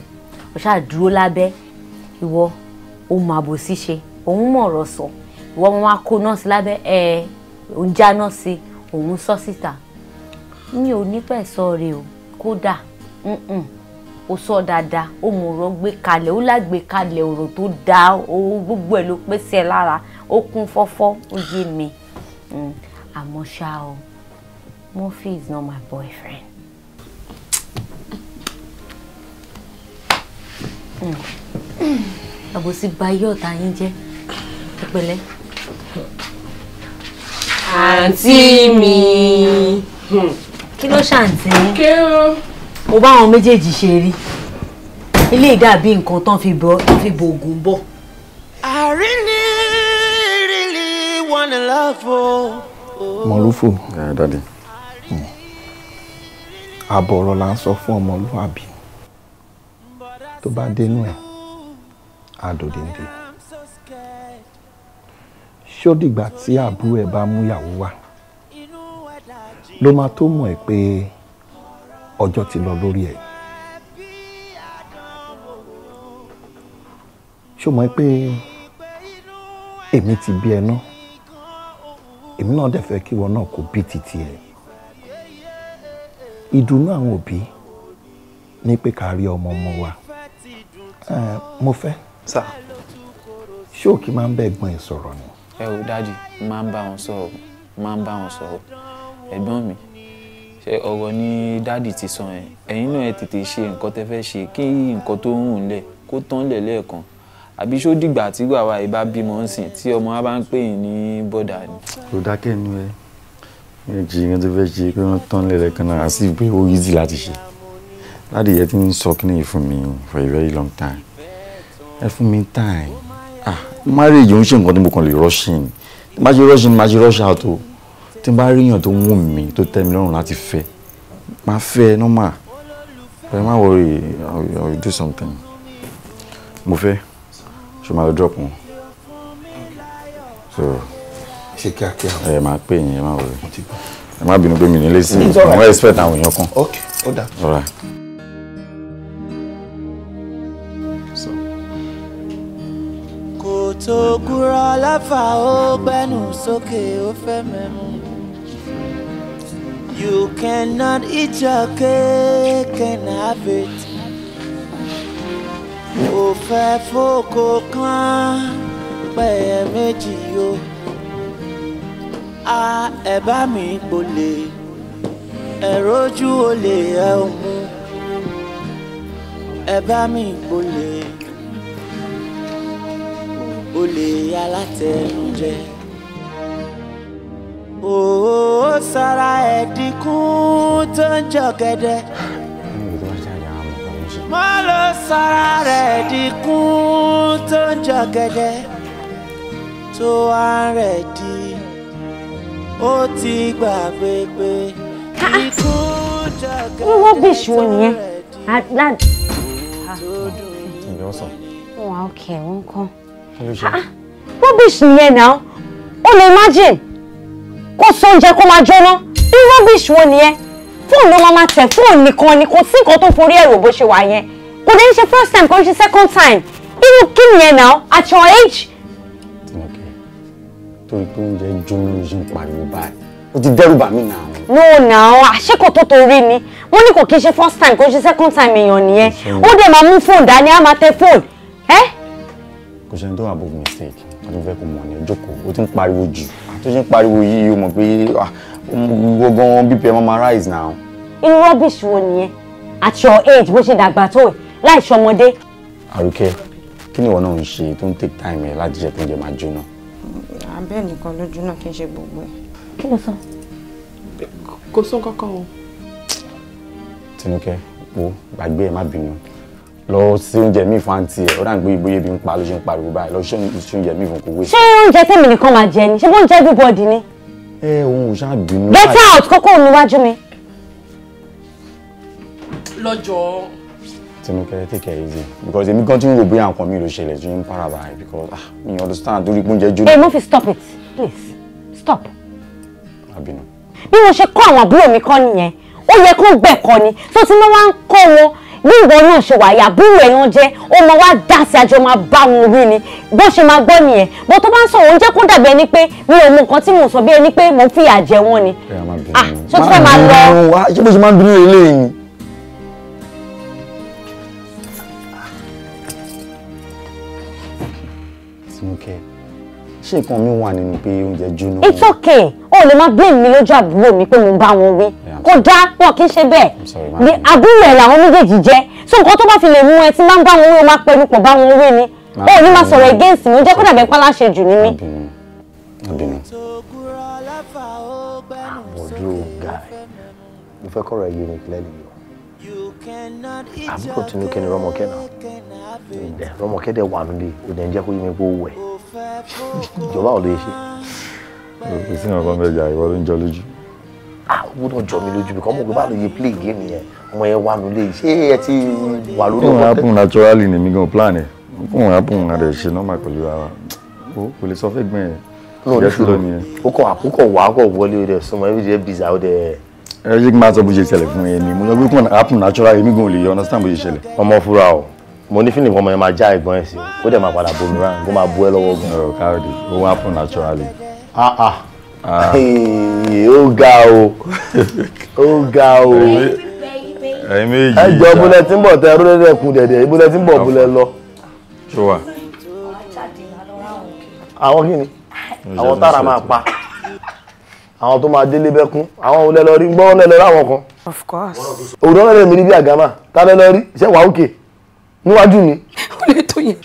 ó ṣáà dúró lábẹ́ ìwọ ohun àbòsí ṣe òun mọ̀ ọ̀rọ̀ sọ ìwọ wọn wá kó nọ́ọ̀sì lábẹ́ ẹ òun já nọ́ọ̀sì òun sọ síta mi ò ní pẹ́ sọ rè o kódà ó sọ dáadáa ó mọ̀ ọ̀rọ̀ gbé kalẹ̀ ó lágbè kalẹ̀ ọ̀rọ̀ tó dáa o gbogbo ẹ̀ ló pèsè lára ó kún fọ́fọ́ ó yé mi hmm, àmọ́ ṣá o. Mm Murphy is not my boyfriend. I will see yín jẹ́ pẹ̀lẹ́. àǹtí mi. Hmm. kí ló ṣàǹtí yín. mo bá àwọn méjèèjì ṣe rí ilé ìdàbí nǹkan tán fi bọ tán fi bo I really really wanna love you. Malufu, Yeah, daddy àbọ̀rọ̀ là ń sọ fún ọmọlúwàbí tó bá dénú ẹ̀ àdòdìndì ṣódìgbà tí àbúrò ẹ̀ bá mú ìyàwó wá ló máa tó mọ̀ ẹ́ pé ọjọ́ ti lọ lórí ẹ̀ ṣó mọ̀ ẹ́ pé èmi ti bí ẹ náà èmi náà dẹ̀ fẹ́ kí wọn náà kó bí titi ẹ̀ ìdùnnú àwọn òbí ní pé ká rí ọmọ ọmọ wa mo fẹ́. sa ṣóòkì máa ń bẹ ẹ̀gbọ́n ẹ̀ sọ̀rọ̀ ni. ẹ o dáàdi máa ń bá wọn sọ̀rọ̀ máa ń bá wọn sọ̀rọ̀ ẹ̀gbọ́n mi ṣe ọ̀rọ̀ ni dáàdi ti sọ yẹn ẹ̀yin náà ẹ tètè ṣe nǹkan tẹ́ fẹ́ ṣe kí nǹkan tó ń rùn lẹ̀ kó tán lẹ̀ lẹ́ẹ̀kan àbí ṣó dìgbà tí wàá wa ìbá bímọ ń sìn tí ọmọ wa bá ń pè ní bọ́dà ni. kò dákẹ́ nu ẹ méjì kan tó fẹ́ ṣe pé wọ́n tán lẹ́lẹ̀ kan náà àti pé ó easy láti ṣe láti yẹ tí ń sọ kí nìyí fún mi for a very long time ẹ fún mi time ah marriage ò ń ṣe nǹkan tí mo kàn lè rush in tí má ṣe rush in má ṣe rush out o tí n bá rí èèyàn tó wù mí tó tẹ́ mi lọ́rùn láti fẹ́ máa fẹ́ normal ẹ má worry I will do something mo fẹ́ ṣe máa drop wọn so ṣe kíákíá. ẹ máa pè yín ẹ máa wọlé ẹ má bínú pé mi nílé sí i àwọn expect àwọn èèyàn kan. ok ó dà. kò tó kúrò láfà ó gbẹnu sókè ó fẹ́ mẹ́mú. You cannot eat your cake and have it. Ó fẹ́ fòkò kan pẹ̀yẹ méjì yóò a ẹ mi gbolè ẹ rojú olè ẹ ò mú mi gbolè olè alátẹnujẹ òó sara ẹ̀dínkùn tó ń jọ̀gẹ̀dẹ̀ mọ́ ló sara rẹ̀ ẹ̀dínkùn tó ń jọ̀gẹ̀dẹ̀ tó wá rẹ̀ dín ó ti gbàgbé pé ikú jàgà tẹ́tọ́ rẹ̀ di ah, ìyọ́sàn. wà á kẹ wọn kan. rubbish nìyẹn náà ó lè imagine kó sóúnjẹ kó máa jóná bí rubbish wo nìyẹn fóònù ló máa máa tẹ fóònù nìkan ni kò sí nǹkan tó forí ẹ̀rọ bó ṣe wà yẹn kò dé ṣe first time kò ń ṣe second time irú kí nìyẹn náà at your age torí pé oúnjẹ jóná yìí ń pariwo báyìí o ti dẹ́rù bà mí nà án. no na ọ àṣekọ tó torí ni wọn ní kò kí n ṣe first time kò ṣe second time èèyàn nìyẹn ó dẹ̀ máa mú fóònù dání á máa tẹ fóònù ẹ. kò sẹ́ni tó wà bó mistake wọ́n tún fẹ́ kó mọ̀ ní ẹjọ́ kó o ti ń pariwo jù tó ṣe ń pariwo yìí o mọ̀ pé ah, gbọ̀ngàn bp ẹ máa máa rise now. irú rubbish wo nìyẹn at your age bó ṣe dàgbà tó láì ṣọmọdé. àrùkẹ́ kí ni ìwọ náà ń ṣe tó ń take time ẹ láti jẹ tó ń jẹ máa jóná abẹ́ nìkan lójú náà kí n ṣe gbogbo ẹ̀. kí ló sọ. kò sọ kankan o. tinúkẹ́ wo gbàgbé ẹ má bínú lọ sí oúnjẹ míì fún àǹtí ẹ ó dà ń gbé ìbòye bí ń pa ló ṣe ń pariwo báyìí lọ sí oúnjẹ míì fún kò wé. ṣé oúnjẹ tèmi nìkan máa jẹ ni ṣé bó ń jẹ everybody ni. ẹ òun ò ṣáà bínú. get out kókó òun níwájú mi. lọ́jọ́ Tinúkẹ́ take it easy because èmi gan ti ń rò bóyá nǹkan mi ló ṣẹlẹ̀ tí ń para báyìí because ah mi understand torí pé oúnjẹ jóná. ẹ mo fi stop it please stop. àbínú. bí mo ṣe kọ́ àwọn àbúrò mi kọ́ nìyẹn ó yẹ kó gbẹ̀kọ́ ni tó ti máa wá ń kọ́ wọn bí ìwọ náà ṣe wà yàbúrò ẹ̀yàn jẹ́ ó máa wá dá sí àjọ máa bá wọn wí ni bó ṣe máa gbọ́ nìyẹn bó tó bá ń sọ òun jẹ́ kó dàbí ẹni pé mi ò mọ nǹkan tí mo sọ bí ẹni pé mo ń fìyà jẹ wọn ni. ah tó fẹ́ máa lọ. ṣé bó ṣe máa ń bínú eléyìí ṣé nǹkan mi wà nínú pé oúnjẹ jóná. it's okay o lè máa blame mi lójú àbúrò mi pé mo bá wọn wí kódà wọn kì í ṣe bẹ́ẹ̀ ni àbúrò ẹ̀ làwọn méjèèjì jẹ́ so nǹkan tó bá fi lè mú ẹ tí máa ń bá wọn wí o máa pẹ̀lú pọ̀ bá wọn wí ni o ò ní máa sọ̀rọ̀ against mi ó jẹ́ kó dàbẹ̀ pálá ṣe jù ní mi. ọ̀dọ́ ọ̀gá mo fẹ́ kọ́ra ẹ̀yẹ mi clearly o àbúrò tinú kẹ́ni rọ́mọkẹ́ náà rọ́mọkẹ́ dẹ̀ wà nílé ò dẹ̀ ń jẹ́ kó yí mi kó wẹ̀ ìjọba ò lè ṣe. kò sí nǹkan bẹ́ẹ̀ jà ìwọ ló ń jọ lójú. a gbọ́dọ̀ jọ mi lójú bìkan mo gbé báwo yẹ play game yẹn ọmọ yẹn wà nílé ṣé ẹ ti wà lórí ọkọ fún wọn happen naturally ni mi gan plan ẹ fún wọn happen adẹ ṣe normal pẹ̀lú ara kò lè sọ fẹ́ gbọ́n yẹn lóòrè ṣòro ó kọ àkókò wà á kọ wọlé rẹ súnmọ ẹbí rẹ bìzà ó dẹ. ẹ ṣe kí n máa sọ bó ṣe ṣẹlẹ̀ fún yẹn ni mo yọ pé kí wọn naturally mi gan ò lè yọ understand bó ṣe ṣẹlẹ̀ ọmọ fúra o mo ní fílìmù ọmọ yẹn máa já ẹ̀gbọ́n ẹ̀ sí ó dẹ̀ máa padà boomerang kó máa bú ẹ lọ́wọ́ gan. ọ̀rọ̀ káàdì ó wá fún naturally. ah ah, ah. ó ga o ó ga o ẹ̀yin méjì ìjà tí ń bọ̀ tẹ rúlẹ̀ rẹ̀ kù dẹ̀dẹ̀ ìbúlẹ̀ tí ń bọ̀ búlẹ̀ lọ. àwọn kí àwọn tára máa pa àwọn tó máa délé bẹ́kún àwọn olè lọ rí gbọ́n lẹ́lọ́rí àwọn kan. of course. òwúrọ̀ lẹ́lẹ́ mi rí bí àgámà tá lẹ́lọ́rí ṣé wàá òkè níwájú mi. ó lè tó yẹn.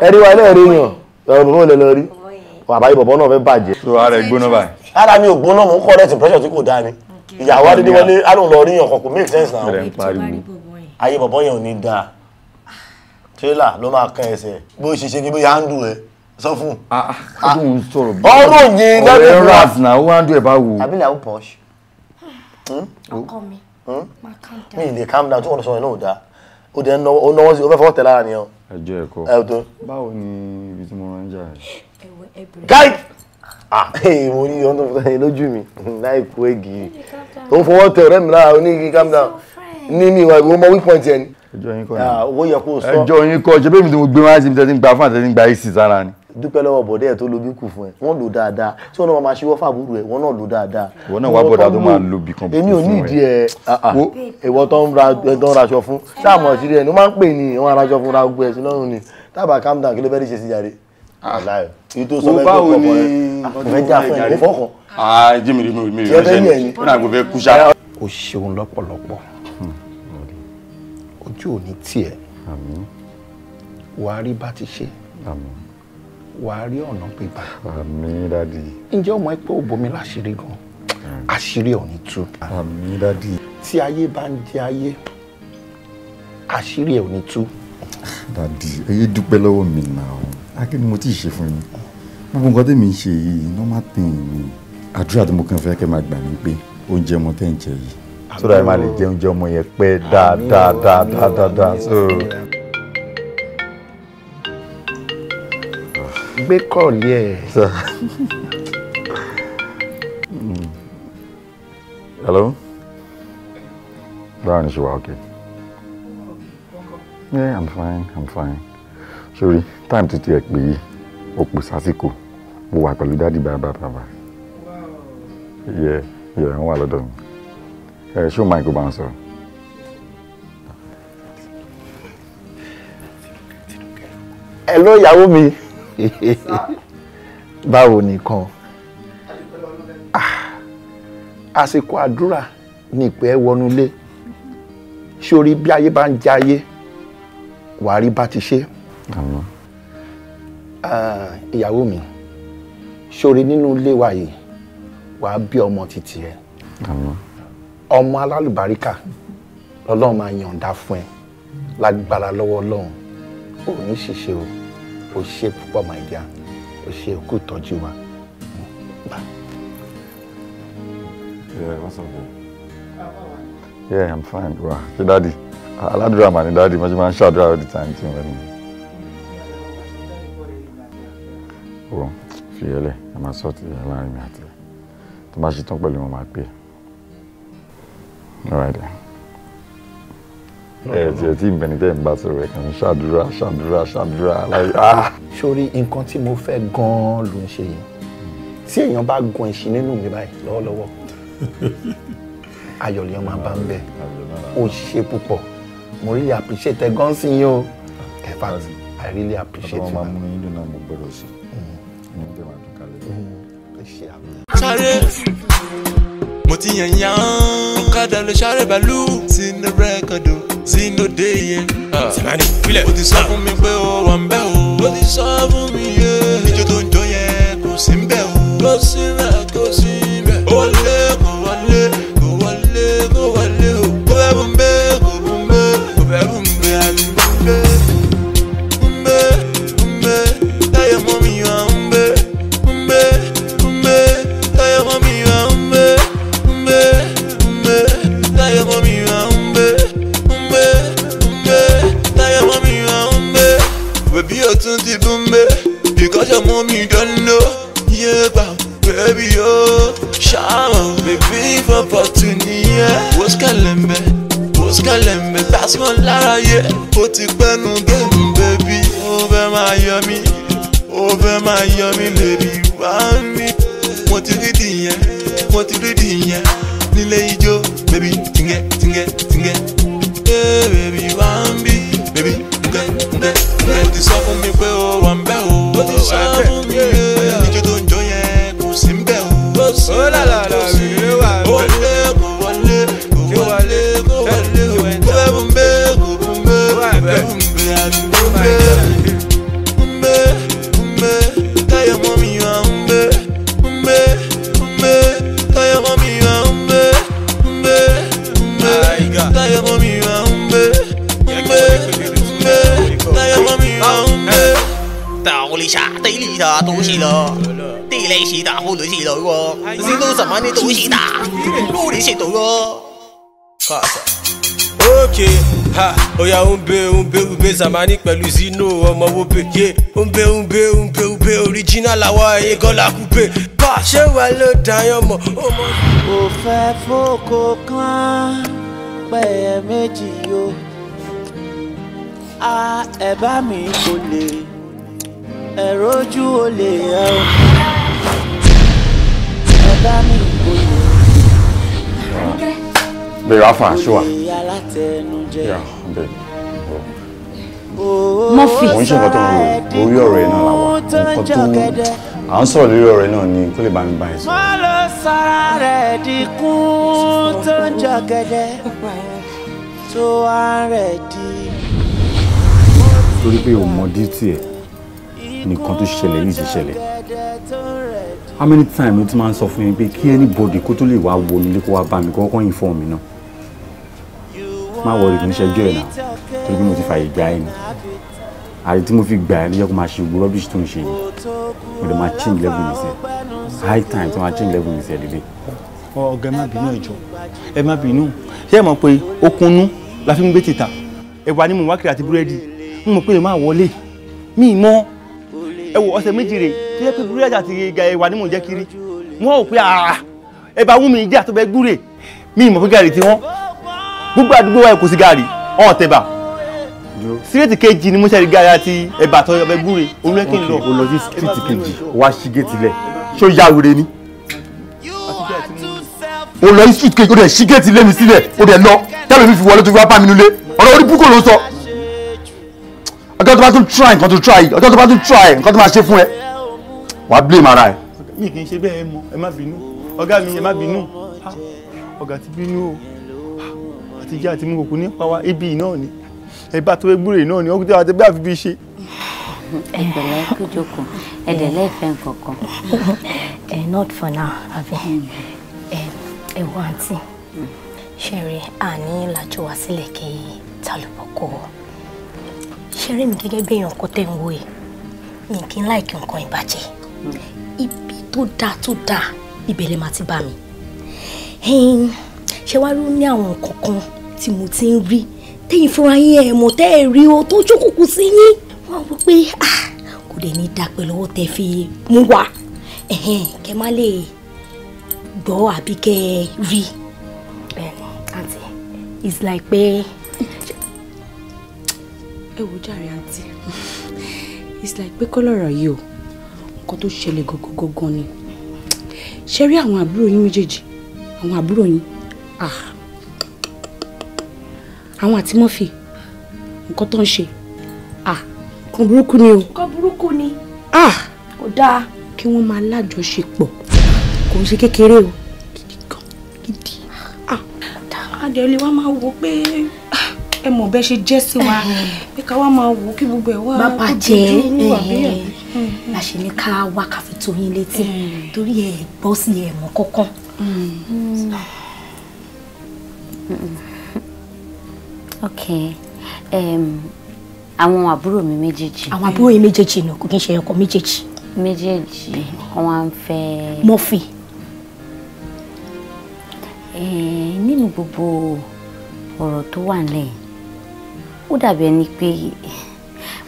ẹ̀rí wa náà rí yàn ọ̀run náà lè lọ rí bàbá yìí bọ̀bọ̀ náà fẹ́ bàjẹ́. tó ara ẹ̀ gbóná báyìí. ara mi ò gbóná mò ń kọ́ rẹ̀ tí pressure tí kò dáa ni ìyàwó adédé wọlé alóhùn lọ rí yàn kọ̀ọ̀kọ̀ make sense náà. ayé bọ̀bọ̀ yẹn ò ní dáa tírélà ló máa kan ẹsẹ̀ bó ṣe ṣe ni bó yà ń dùn ẹ̀ sọ fún. ọdún ah, ah, ah. sọ̀rọ̀ bí ọ̀rọ̀ yìí lẹ́nu ọ̀rẹ́ raf na ó wá ń dùn ẹ̀ bá wò. abilà ó pọ̀ ṣ. mi ì lè calm down tí wọ́n sọ yẹn náà ò dáa ó dẹ̀ ó náwó sí ó fẹ́ fọwọ́ tẹ̀ lára ni ọ. ẹjọ ẹkọ ẹdun. báwo ni ibi tí mo rán jà ẹ. ẹwẹ ẹbẹrẹ. ah mo ní ọ̀n tó fún ẹ lójú mi láì kú ègì tó ń fọwọ́ tẹ ọ̀rẹ́ mi lára ó ní kí calm down ní mi ìwà ìwọ́n mọ weak point yẹn ni. ẹjọ yín kọ́ ni ah, ẹjọ yín kọ́ ṣe bẹ́ẹ̀ mi tí mo gbé wá sí ibi tí wọ́n ń gba fún àtẹ̀sí ń gba ac sára ni dúpẹ́ lọ́wọ́ bọ̀dẹ́ ẹ̀ tó lóbi kù fún ẹ wọ́n lò dáadáa tí wọ́n náà máa ṣe wọ́fà búrú ẹ̀ wọ́n náà lò dáadáa. ìwọ náà wá bọ̀dà tó máa lo bìkan fún ẹ. èmi ò ní ìdí ẹ ah, ah. ìwọ tó ń ra tó ń raṣọ fún sáàmù ọ̀sírí ẹ̀ ni wọ́n máa ń pè ní wọ́n araṣọ fún ra gbogbo ẹ̀ sí lọ́rùn ni tábà calm down kí ló fẹ́ rí ṣe sí jàre. o ṣeun lọ́pọ̀lọpọ̀ hmm. ojú ò ní tiẹ̀ wàá rí bá ti ṣe wàá rí ọ̀nà pípa. àmín dádì. ǹjẹ́ ọmọ ẹ pé ó bomi láṣìírí gan hmm. àṣírí ọ̀nì tú. àmín dádì. tí ayé bá ń jẹ ayé àṣírí ẹ̀ ò ní tú. dádì ẹ dúpẹ́ lọ́wọ́ mi náà akí ni mo ti ṣe fún yín gbogbo nǹkan tẹ̀mí ṣe yìí normal thing ni àdúrà tí mo kàn fẹ́ kẹ́ máa gbà mí pé oúnjẹ ọmọ tẹ̀ ń jẹ yìí sódà ẹ máa lè jẹ oúnjẹ ọmọ yẹn pẹ́ dáadáa dáadáa dáadáa gbé kọ́ọ̀lì ẹ̀. hello báwo ni ṣe Okay. yeah i'm fine i'm fine sorry time ti tiẹ̀ pè yí o pè sásìkò mo wà pẹ̀lú dádì bàbá bàbá yeah yeah wọ́n wà lọ́dọ̀ mi ẹ ṣé o máa kó hello ìyàwó mi. báwo nìkan ah, àsìkò àdúrà ní ìpè ẹ wọnúlé sórí bí ayé bá ń jẹ ayé wàá rí bá ti ṣe ah, ìyàwó mi sórí nínú ilé wa yìí wàá bí ọmọ títì ẹ ọmọ alálùbáríkà lọ́lọ́run máa yànda fún ẹ lágbára lọ́wọ́ Ọlọ́run ò ní ṣìṣe o o ṣe púpọ̀ my dear o ṣe kú tọ́jú wa. Yeah, I'm fine. Wa, ṣé daddy, Aládùúrà mà ní dáàdi, mo ṣe máa ń ṣàdúrà all the time tí wọ́n ní. Wọ́n fi ẹlẹ̀, ẹ máa sọ ti ẹ láàrin mi àti ẹ. Tó bá ṣe tán pẹ̀lú wọn, máa pè é. All right then ẹ ti ẹ ti ń bẹni tẹ ń bá sọ̀rọ̀ ẹ kàn ń ṣàdúrà ṣàdúrà ṣàdúrà láì á. Ah! sórí nǹkan tí mo fẹ́ gan-an ló ṣe yìí tí èèyàn bá gun ẹṣin nínú mi báyìí lọ́wọ́lọ́wọ́ ayọ̀ lèèyàn bá ń bẹ̀ ó ṣe púpọ̀ mo really appreciate ẹ gan sí yín o in fact I really appreciate you. ọmọ máa mú inú yín náà mo gbọ́dọ̀ sí i ní tẹ̀wá tó kalẹ̀. Mm. sáré mo ti yàn yàn kádà lè sáré bàálù sínú rẹ̀ kan dùn sínú dé iye. Sìmánì ah. filẹ̀. O ti sọ ah. fún mi pé o wà ń bẹ̀ o. O ti sọ fún mi yé. Ijó tó ń jó yẹ kò sí ń bẹ̀ o. Tó sí ń bẹ̀. vive opportunité. Wosikalembe, Wosikalembe, passe mon laraye. O ti pẹ́nu géèmù bébí. O fẹ́ máa yọ mí, o fẹ́ máa yọ mí lèbi wá mi. Mo ti rí dìyẹn, mo ti rí dìyẹn. Nílé ijó, bébí, tìǹgẹ̀, tìǹgẹ̀, tìǹgẹ̀. Ee eh, bébí wá mi, bébí, ǹgẹ̀, ǹgẹ̀, ǹgẹ̀. O ti sọ fún mi pé o wà ń bẹ̀ o. O ti sọ fún mi pé eh. ijó tó ń jó yẹn kò sí ń bẹ̀ 西咯，地雷西打呼雷西雷喎，西都什么你都西打，呼雷西都咯。ókè ha oya òǹbẹ òǹbẹ òǹbẹ zamani pẹ̀lú zino ọmọ wóbe yé òǹbẹ òǹbẹ òǹbẹ òǹbẹ original àwa ẹ̀yẹ gọ́là kúpẹ̀ bá ṣe wà ló dayan mọ̀ ọmọ. fẹ́ fòkó kan pẹ̀yẹ méjì yó a ẹ̀ bá mi kò lè ẹ̀rọ ojú olè ẹ̀ o ẹ bá mi ìgboyè. Babe, Alpha, sure. Yeah, babe. Murphy. Mo ń ṣe nǹkan tó ń lò lórí ọ̀rọ̀ yẹn náà la wà. Nǹkan tó à ń sọ̀rọ̀ lórí ọ̀rọ̀ yẹn náà ni kó lè bá mi bá ẹ sọ. Wọ́n lọ sara rẹ̀ di kún tó ń jọ gẹ́dẹ́ tó wá rẹ̀ di. Torí pé o mọ dí tiẹ̀ nìkan tó ṣẹlẹ̀ yìí ṣe ṣẹlẹ̀ how many times ló ti máa ń sọ fún mi pé kí anybody kó tó lè wá wo nílé kó wá bá mi kọ́kọ́ yìn fún mi náà má wọrí kì í ẹ̀ náà torí bí mo ti fààyè gbà ẹ́ ni àti tí mo fi gbà ẹ́ níjọ́ kó máa ṣe gbogbo rubbish tó ń ṣe yìí mo lè máa change level mi sẹ́ high time tó máa change level mi sẹ́ lélẹ̀. ọ̀gá ẹ má bínú ẹ jọ̀ọ́ ẹ má bínú ṣé ẹ mọ̀ pé okunnu la fi ń gbé títà ẹ̀wà ni mo wá kiri àti búrẹ́dì mo mọ̀ pé lè má wọlé mi mọ́ ẹ wò ọ̀sẹ̀ méjì rè tó yẹ pé búrẹ́dì àti ẹ̀wà ni mò ń jẹ́ kiri wọ́n ò pé àà ẹ bá wú mi jẹ́ àtọ́bẹ̀ gbúre mi ìmọ̀ fún gàrí tí wọ́n gbogbo àdúgbò wa kò sí gàrí ọ̀hún tẹ̀bà síréètì kejì ni mo ṣe rí gàrí àti ẹ̀bà àtọ́bẹ̀ gbúre òun lọ. o lọ sí síréètì kejì wá sí géètì lẹ ṣó ya wèrè ni o lọ sí síréètì kejì o dẹ̀ sí géètì lé sílẹ̀ o dẹ̀ lọ tẹ́lẹ̀ mi fi wọlé tó fi wá bá mi nulẹ̀ ọ̀rọ̀ orí búkọ̀ ló sọ ọjọ́ tó bá tún try nǹkan tó try ọjọ́ tó bá tún try nǹkan tó máa ṣe fún ẹ wàá blame ara ẹ. mi kì í ṣe bẹ́ẹ̀ mọ ẹ má bínú ọ̀gá mi ẹ má bínú ọ̀gá ti bínú o àti jẹ́ àti mú kòkó ní pàwá ibi náà ni ẹ bá tó gbúre náà ni ọkùnrin tó àti bá fi bí ṣe. ẹgbẹ̀rún kújòkó ẹ̀dẹ̀ lẹ́ẹ̀fẹ́ nǹkankan ẹ̀ not for now àbí ẹ̀ wọ́n àǹtí ṣẹ̀rí àní làjọ wá sílẹ̀ kí tàlùbọ̀ kọ́ ọ ṣe rí mi gẹ́gẹ́ bí èèyàn kó tẹ̀ ń wo ẹ̀ mi kì í láìkí nǹkan ìbàjẹ́ ibi tó dáa tó dáa ibẹ̀ lè máa ti bá mi ṣé wàá ló ní àwọn nǹkan kan tí mo ti ń rí tẹ́yìn fúnra yín ẹ̀ tẹ́ ẹ̀ rí o tó jókòó sí yín wọ́n wí pé kò dẹ̀ ní dáa pẹ̀lú ọwọ́ tẹ́ fi mú wa kẹ́ má lè gbọ́ àbí kẹ́ rí àǹtí it's like pé. Eh, ẹ wò jàre àǹtí it's like pé kọ́lọ́rọ̀ yìí o nǹkan tó ṣẹlẹ̀ gọ́gọ́gọ́gọ́ ni ṣe rí àwọn àbúrò yín méjèèjì àwọn àbúrò yín ah. àwọn àti mọ́fì nǹkan tó ń ṣe ah, kan burúkú ni o. kan burúkú ni. Ah. kò dáa. kí wọ́n máa lájọṣepọ̀ kò ń ṣe kékeré o gidi gan gidi. adìẹ olè wa máa wò ó pé ẹ mọ̀ bẹ́ẹ̀ ṣe jẹ́ sí wa pé ká wá máa wò ó kí gbogbo ẹ̀ wá bàbá jẹ́ la ṣe ní ká wá ká fi tó yín létí torí ẹ bọ́ sí ẹ mọ́ kọ́kọ́. Mm. okay um, àwọn àbúrò mi méjèèjì. àwọn àbúrò yín méjèèjì náà kò kí n ṣe ọkọ méjèèjì. méjèèjì wọn ń fẹ́. mọ́fì. nínú gbogbo ọ̀rọ̀ tó wà nílẹ̀ ó dàbí ẹni pé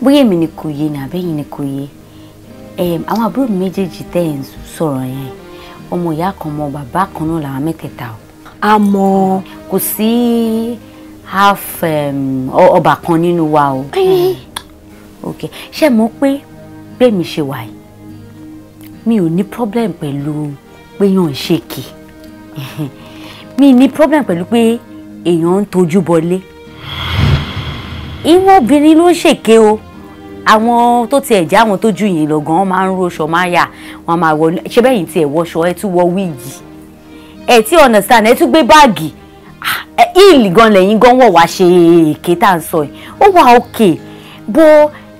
bóyá èmi ni kò yé ni àbẹ́yìn ni kò yé àwọn àbúrò mi méjèèjì tẹ́ ẹ̀ ń sọ̀rọ̀ yẹn ọmọ ìyá kan ọmọ bàbá kan náà làwọn mẹ́tẹ̀ẹ̀ta o. àmọ́ kò sí half ọba kan nínú wa o. ok ṣé mo pé bẹ́ẹ̀ mi ṣe wà yìí mi ò ní problem pẹ̀lú pé yàn ń ṣèkì mi ní problem pẹ̀lú pé èèyàn ń tojú bọlé irú obìnrin ló ṣèké o àwọn tó tiẹ̀ já àwọn tó ju yìí lọ gan máa ń róṣọ máa yà wọn máa wọ ṣé bẹ́ẹ̀ yìí tiẹ̀ wọṣọ ẹ tún wọ wíìgì ẹ tí understand ẹ tún gbé báàgì ìlì ah, gan lẹ́yìn gan wọ̀ wá ṣe èké tá à ń sọ yìí ó wà òkè bó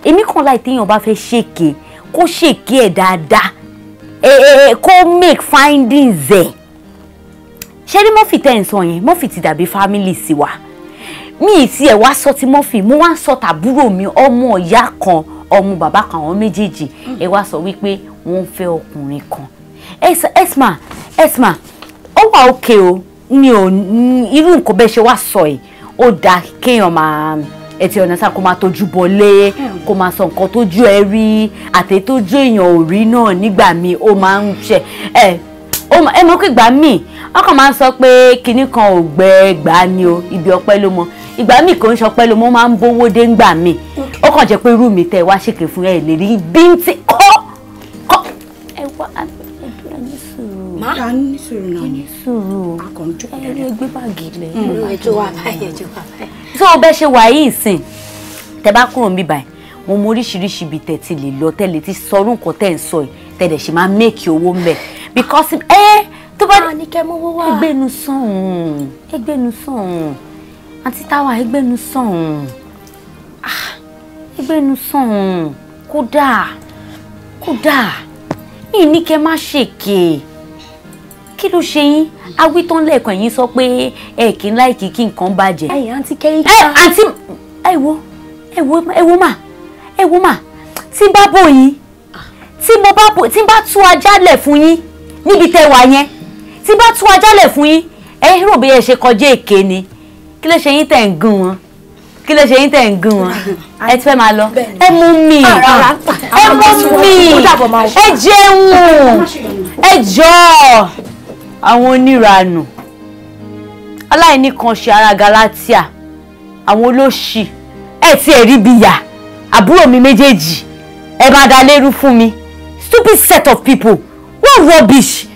èmi kan láì téèyàn bá fẹ́ ṣèké kó ṣèké ẹ̀ dáadáa kó make findings ẹ̀ ṣé ní mọ́fì tẹ́ ń sọ yẹn mọ́fì ti dàbí family sí wa mi ti ẹ̀ wá sọ ti mọ́fì mo wá ń sọ tàbúrò mi ọmọ ìyá kan ọmọ bàbá kan àwọn méjèèjì mm. ẹ wá sọ wípé wọ́n ń fẹ́ ọkùnrin kan esma esma ó wà òkè o mi ò irú nǹkan bẹ́ẹ̀ ṣe wá sọ ẹ̀ ó da kéèyàn máa ẹtì ọ̀nà sá kó máa tójú bọlé mm. kó máa sọ nǹkan tójú ẹ rí àtẹ̀tójú èèyàn ò rí náà nígbà míì ó máa ń ṣe ẹ ẹ mọ̀ pé ìgbà míì wọ́n kàn máa ń sọ pé kinní kan ò gbẹ gbà ni o ibi ọpẹ́ ló mọ ìgbà míì kò ń sọpẹ́ ló mọ máa ń bówó dé ńgbà míì ó kàn jẹ́ pé irú mi tẹ̀ wá ṣèké fún ẹ̀ lè rí bíntì kọ́ kọ́ ẹ wá ẹ ní sùúrù. má a ní sùúrù náà ní sùúrù ẹ ní gbé báàgì lẹ. Mm, ẹjọ wà báyìí ẹjọ wà báyìí. tó o ṣe wà yìí sìn tẹ bá kúrò níbí báyìí mo mọ oríṣiríṣi ibi tẹ̀ ti lè lọ tẹ̀ ti sọ orúkọ tẹ̀ ń sọ yìí tẹ̀ dẹ̀ ṣe máa mẹ́ẹ̀kì owó ń because ẹ eh, tó bá ah, ní kẹ́ mọ́wọ́ wá ẹgbẹ́nu sọ̀hún ẹgbẹ́nu sọ̀hún àǹtí táwa ẹgbẹ́nu sọ̀hún ah, ẹgbẹ́nu sọ̀hún kódà kódà yìí ní kẹ́ má ṣèké kí ló ṣe yín awítán lẹ́ẹ̀kan yín sọ pé ẹ kì í láìkí kí nǹkan bàjẹ́. ẹ àǹtí kẹ́yìn ká. ẹ àǹtí ẹ wo ẹ wo ẹ wo mà ẹ wo mà tí bá bò yín ah. tí mo bá tú ajá lẹ̀ fún yín níbi tẹ́ wà yẹn tí bá tú ajálẹ̀ fún yín ẹ rò bí ẹ ṣe kọjá èké ni kí ló ṣe yín tẹ̀ ń gún wọn kí ló ṣe yín tẹ̀ ń gún wọn ẹ ti fẹ́ máa lọ ẹ mú mi ẹ mú mi ẹ jẹun ẹ jọ àwọn oníranù aláìní kan ṣe ara galatia àwọn olóṣì ẹ ti ẹ rí bíyà àbúrò mi méjèèjì ẹ máa da lérú fún mi stupid set of people all rubbish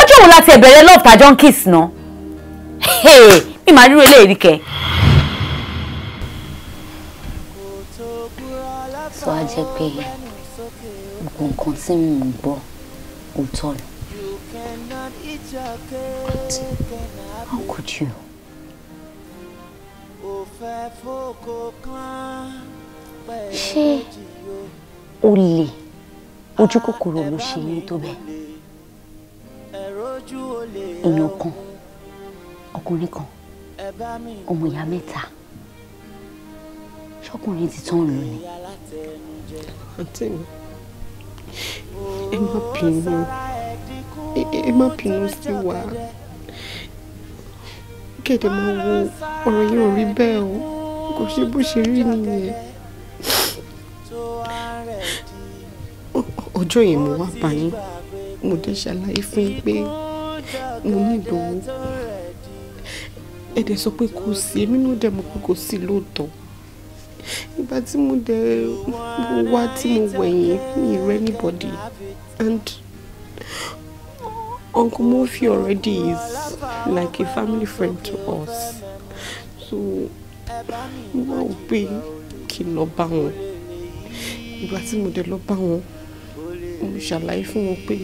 ọjọ́ wo láti ẹ̀bẹ̀rẹ̀ love tàjọ́ ń kiss náà mi máa ríro eléyìí kẹ. sọ á jẹ́ pé gbogbo nǹkan tí mò ń gbọ́ òótọ́ ni. How could you? ṣé o lè ojú kòkòrò ló ṣe yín tó bẹ́ẹ̀ èèyàn kan ọkùnrin kan ọmọ ìyá mẹ́ta ṣọkùnrin ti tán lò ní. àǹtí mi ẹ má bínú ẹ má bínú sí wa kéde máa wo ọ̀rọ̀ yìí ò rí bẹ́ẹ̀ o kò ṣe bó ṣe rí nìyẹn ọjọ́ yẹn mo wá bá yín mo dé ṣàlàyé fún yín pé mo nílò owó ẹ̀dẹ̀ sọ pé kò sí èmi dẹ̀ mọ̀ pé kò sí lóòótọ́ ìgbà tí mo dẹ̀ wá tí mo wẹ̀yìn mi rẹ́ anybody and Uncle Murphy already is like a family friend to us so mo wá ò pé kí n lọ bá wọn ìgbà tí mo dẹ̀ lọ bá wọn mo ṣàlàyé fún wọn pé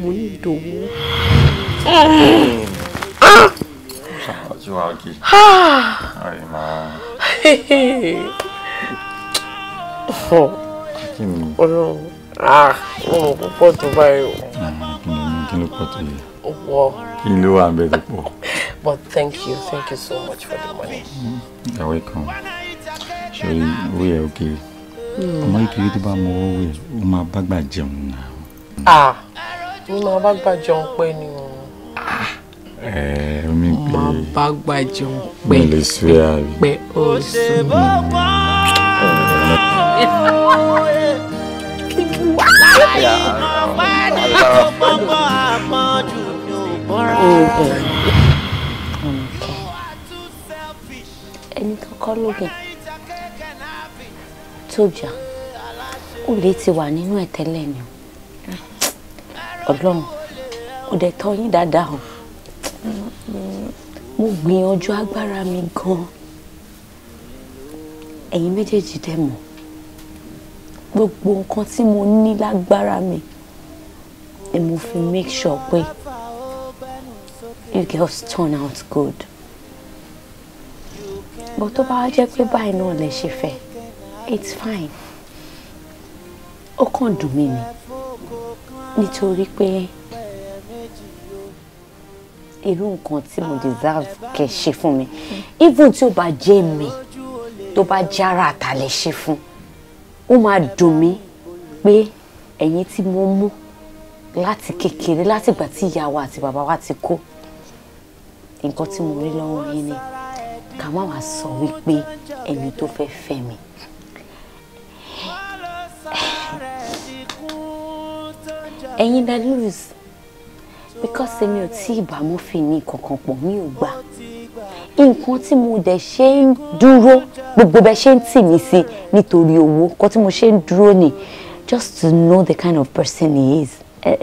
mo ní ìdòwú. ṣàpàjọ àgè àì máa. ọ̀rọ̀ ọ̀rọ̀ púpọ̀ tó báyìí o. kí ló pọ̀ tó yẹ. ọ̀pọ̀. kí ló wà ń bẹ tó pọ̀. But thank you, thank you so much for the money. you're welcome. Shall we are okay ọmọ ìkiri tó bá mọ owó rẹ̀ ó máa bá gbà jẹun náà. à ó máa bá gbà jẹun pẹ́ ni o. ẹ̀ẹ́mi pé ó máa bá gbà jẹun pẹ́ pẹ́ ó sùn. ẹni tó kọ́ lóògùn tójà ó lè ti wà nínú ẹ̀ tẹ́lẹ̀ ni ọlọ́run ó dẹ̀ tọ́ yín dáadáa o mo gbìyànjú agbára mi gan ẹ̀yin méjèèjì dẹ̀ mọ̀ gbogbo nǹkan tí mo ní lágbára mi ni mo fi make sure pé you girls turn out good bó tó bá jẹ́ pé báyìí náà lè ṣe fẹ́ it's fine O kàn dùn mí ni nítorí pé iru nǹkan tí mo deserve ke ṣe fún mi even tí ó bá jẹ́ mi tó bá jẹ́ ara àtàlẹ̀ ṣe fún ó máa dùn mí pé ẹ̀yin tí mo mú láti kékeré láti ìgbà tí ìyá wa àti bàbá wa ti kó nǹkan tí mo rí lọ́wọ́ yín ni ká má wàá sọ wípé ẹni tó fẹ́ fẹ́ mi. ẹ̀yin lẹ lose because èmi ò tí ìbámu fi ní kankan pọ̀ mi ò gbà nǹkan tí mo dẹ̀ ṣe ń dúró gbogbo bẹ́ẹ̀ ṣe ń tì mí sí nítorí owó kọ́ tí mo ṣe ń dúró ni just to know the kind of person he is uh,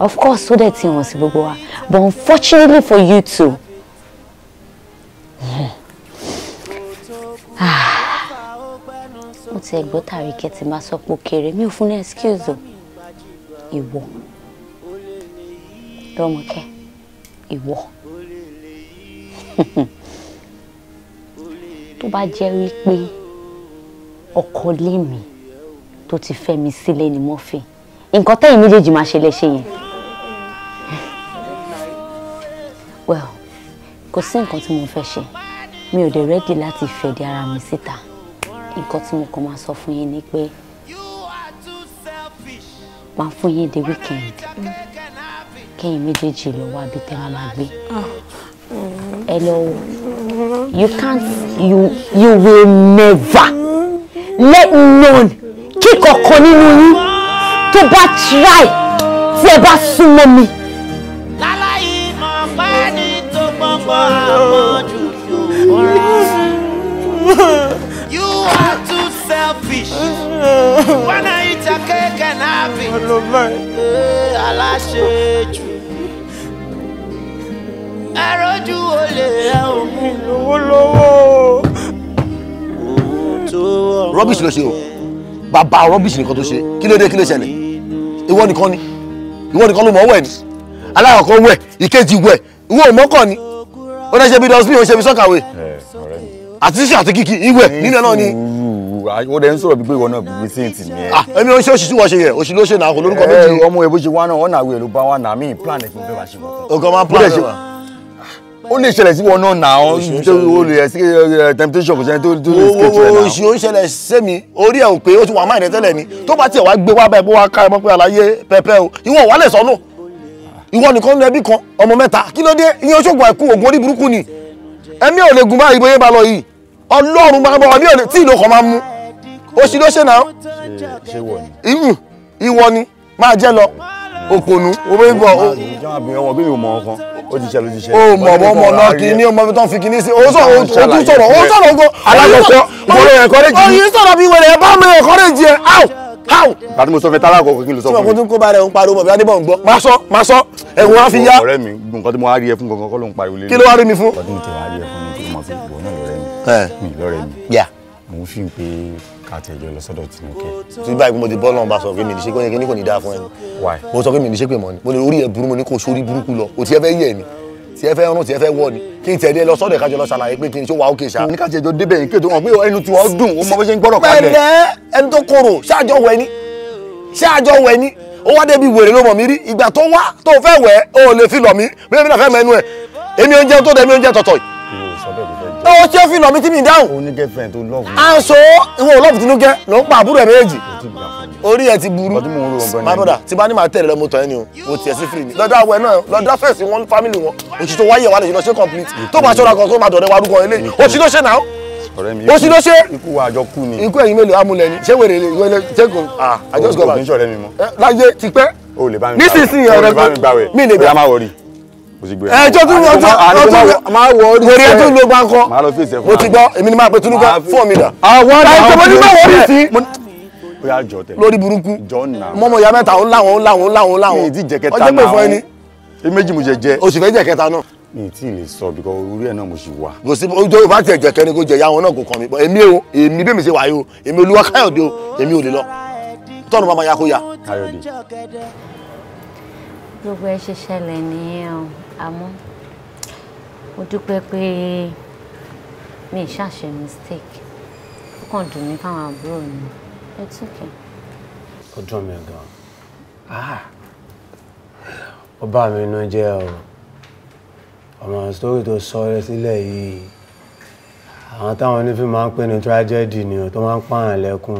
of course ó dẹ̀ ti hàn sí gbogbo wa but unfortunately for you too. Ah, mo ti ẹ̀gbọ́n tàrí kẹ́tì máa sọ pé ó kéré mi ò fún ní excuse o ìwọ Rọ́mọkẹ́ ìwọ tó bá jẹ́ wípé ọkọ lé mi tó ti fẹ́ mi sílẹ̀ ni mo fi nǹkan tẹ́yìn méjèèjì máa ṣe léṣe yẹn well kò sí nǹkan tí mo fẹ́ ṣe mi ò dé rẹ́dì láti fẹ̀dí ara mi síta nǹkan tí mo kàn máa sọ fún yín ni pé máa fún yín dé weekend kẹ́yìn méjèèjì lọ wá bí tẹ́ra máa gbé ẹ lọ you can't you you will never let none kíkọ̀ kan nínú yín tó bá try tí ẹ bá súnmọ́ mi. láláyé ọ̀pá ni tó gbọ́ngbọ́n àmọ́jú yóò rà. You are too selfish kéékèèké náà bì aláṣejù ẹrọjú olè ẹ ò mú lówó lówó. rubbish ló ṣe o bàbá rubbish nìkan tó ṣe kí ló dé kí ló ṣẹlẹ̀ ìwọ nìkan ni ìwọ nìkan ló mọ̀ wẹ̀ ni alákọ̀ọ́kọ́ wẹ̀ ìkejì wẹ̀ ìwọ ò mọ́kàn ni ó dẹ́ ṣe bí dọ́sbí ó ṣe bí sọ́kàwé àti ṣíṣe àti kìkì ìwẹ̀ nínú ẹ̀ ni ó dẹ̀ ń sọ̀rọ̀ bí pé ìwọ náà bíbí sí ìtì ni ẹ. ẹmi oṣù oṣù tí wọ́n ṣe yẹ oṣù ló ṣe náà kò lórúkọ eh, méjì. ọmọ èbó ṣe wá náà wọn nàwé ló bá wà náà mí plan ẹ̀ fún fẹ́ bá ṣe mọ́. ọkọ máa plan ẹ̀ wá. ó lè ṣẹlẹ̀ sí wọn náà náà ó lè ẹ̀ sí eh, eh, temptation kò sẹ́ni tó tó lè skate rẹ̀ náà. oṣù ó ṣẹlẹ̀ sẹ́mi orí ẹ̀ ò pé ó ti wà máa ìrẹ́ tẹ́lẹ̀ ni tó bá tiẹ̀ wá gbé wá báyìí bó wá ká ẹ mọ́ pé àlàyé pẹpẹ o ìwọ wà lẹ̀ sọ́nù ìwọ nìkan lẹbi kan ọmọ mẹ́ta kí ló dé ìyẹn oṣoògùn àìkú ògùn orí burúkú ni ẹ̀mí ò lè gùn báyìí bóyá bá lọ yìí ọlọ́run máa bọ̀ ẹ̀mí ò lè tí ìlú kan máa mú oṣù ló ṣe náà. ṣé ìwọ ni. iyùn ìwọ ni máa jẹ́ lọ òpònú omi bọ̀. ìjọba àbíyàn wọn bí mi ò mọ ọkàn ó ti ṣe ló ti ṣe. o mọ̀ mọ̀ mọ̀ náà kí ni ọmọ bí tán fi kíní sí o sọ̀rọ̀ o tún sọ̀rọ̀ o sọ̀rọ̀ gan. alákọ̀ọ́kọ́ ìwọlé ẹ̀kọ́rẹ́jì. oyin sọ̀rọ̀ bí wẹ̀rẹ̀ ẹ bá mi ẹ̀kọ́rẹ́jì ẹ̀ áù áù. bàtí mo sọ fẹ́ tára àkọ́kọ́ kí n lè sọ fún mi. tí mo tún kó ba rẹ̀ ń pariwo mọ̀ bí adébọ̀ ń gbọ́. máa sọ máa sọ ẹ̀wọ̀n á fi yá. ọ̀rẹ́ mi káàtì ẹjọ́ lọ sọ́dọ̀ Tinúkẹ́. tí báyìí bí mo ti bọ́ lọ́wọ́ bá sọ pé mi ní ṣe kó yẹ kò ní dáa fún ẹni. mo sọ pé mi ní ṣe pé mọ́ ni mo lè orí ẹ̀ burú mo ní kó sórí burúkú lọ o ti ẹ fẹ́ yẹ̀ ni tí ẹ fẹ́ rún tí ẹ fẹ́ wọ̀ ni kí n tẹ̀lé lọ ìkájọ lọ ṣàlàyé pé kí n ṣe wà ókè ṣá. ní kájọ ìjọ débẹ̀ yìí kéde wọn pé ẹnu tí wọ́n dùn ó mọ bó ṣe ń gbọ́dọ̀ kalẹ̀ lọ́wọ́ tí ó fi lọ mí tí mi dáhùn. ó ní girlfriend tó lọ́ọ̀bù. à ń so ìwọ olóòbù tinú gẹ́ ló ń pa àbúrò ẹ̀ méjì. orí ẹ ti my brother tí bá ní màá tẹ̀lé lọ́mọ tọ̀ ẹ́ ni o mo tiẹ̀ sí free ni. lọ́dọ̀ àwẹ̀ náà lọ́dọ̀ fẹ̀sì wọn family wọn òṣì tó wáyé wa lè ṣe lọ ṣe complete tó bá ṣọ́ra kan tó máa dọ̀rẹ́ wa rúkọ ilé òṣì ló ṣe náà ọ̀rẹ́ mi ikú ikú àjọ kú ni ikú ẹ̀yin mélòó amúlẹ̀ ni ṣé wèrè ìwé ṣé kò ah àjọṣe kò bá láyé tipẹ́ nísinsìnyí ọ̀rẹ́ mi lè gbà mi lè mo ti gbé ẹ. ẹ jọ tún ọjọ ọjọ máa wọ orí sí ẹ tún ló gbá kọ máa lọ fèsì ẹ fún mi. mo ti gbọ́ èmi ni máa pe Tinubu fún mi dà. àwọn ọ̀nà àwọn ọ̀nà wọlé sí. ó yà jọ tẹ lórí burúkú mọmọ ya mẹ́ta ó láwọn ó láwọn ó láwọn ó láwọn ọjọ́ pé fún ẹni. èméjì mo jẹ jẹ. oṣù fẹ́ jẹ kẹta náà. mi tí ì lè sọ bíkọ orí ẹ náà mo sì wà. kò sí ojú bá tiẹ̀ jẹ kẹrin kó jẹ ya wọn náà kò kàn mí bọ́ èmi o èmi bẹ́ẹ̀ mi ṣe wáyé o èmi Olúwakáyọ̀dé o èmi ò lè lọ tọ́nu bá ma ya kó ya. Káyọ̀dé gbogbo ẹ ṣe ṣẹlẹ̀ nìyẹn o àmọ́ mo dúpẹ́ pé mi ì ṣàṣe mistake ó kàn dùn mí fáwọn àbúrò mi it's okay. ó dùn mí gan-an ah! ó bà mí inú jẹ́ o ọmọ sítórì tó sọ ọ́ sílẹ̀ yìí àwọn táwọn onífíìmù máa ń pè ní tragedy ni o tó máa ń pààyàn lẹ́kún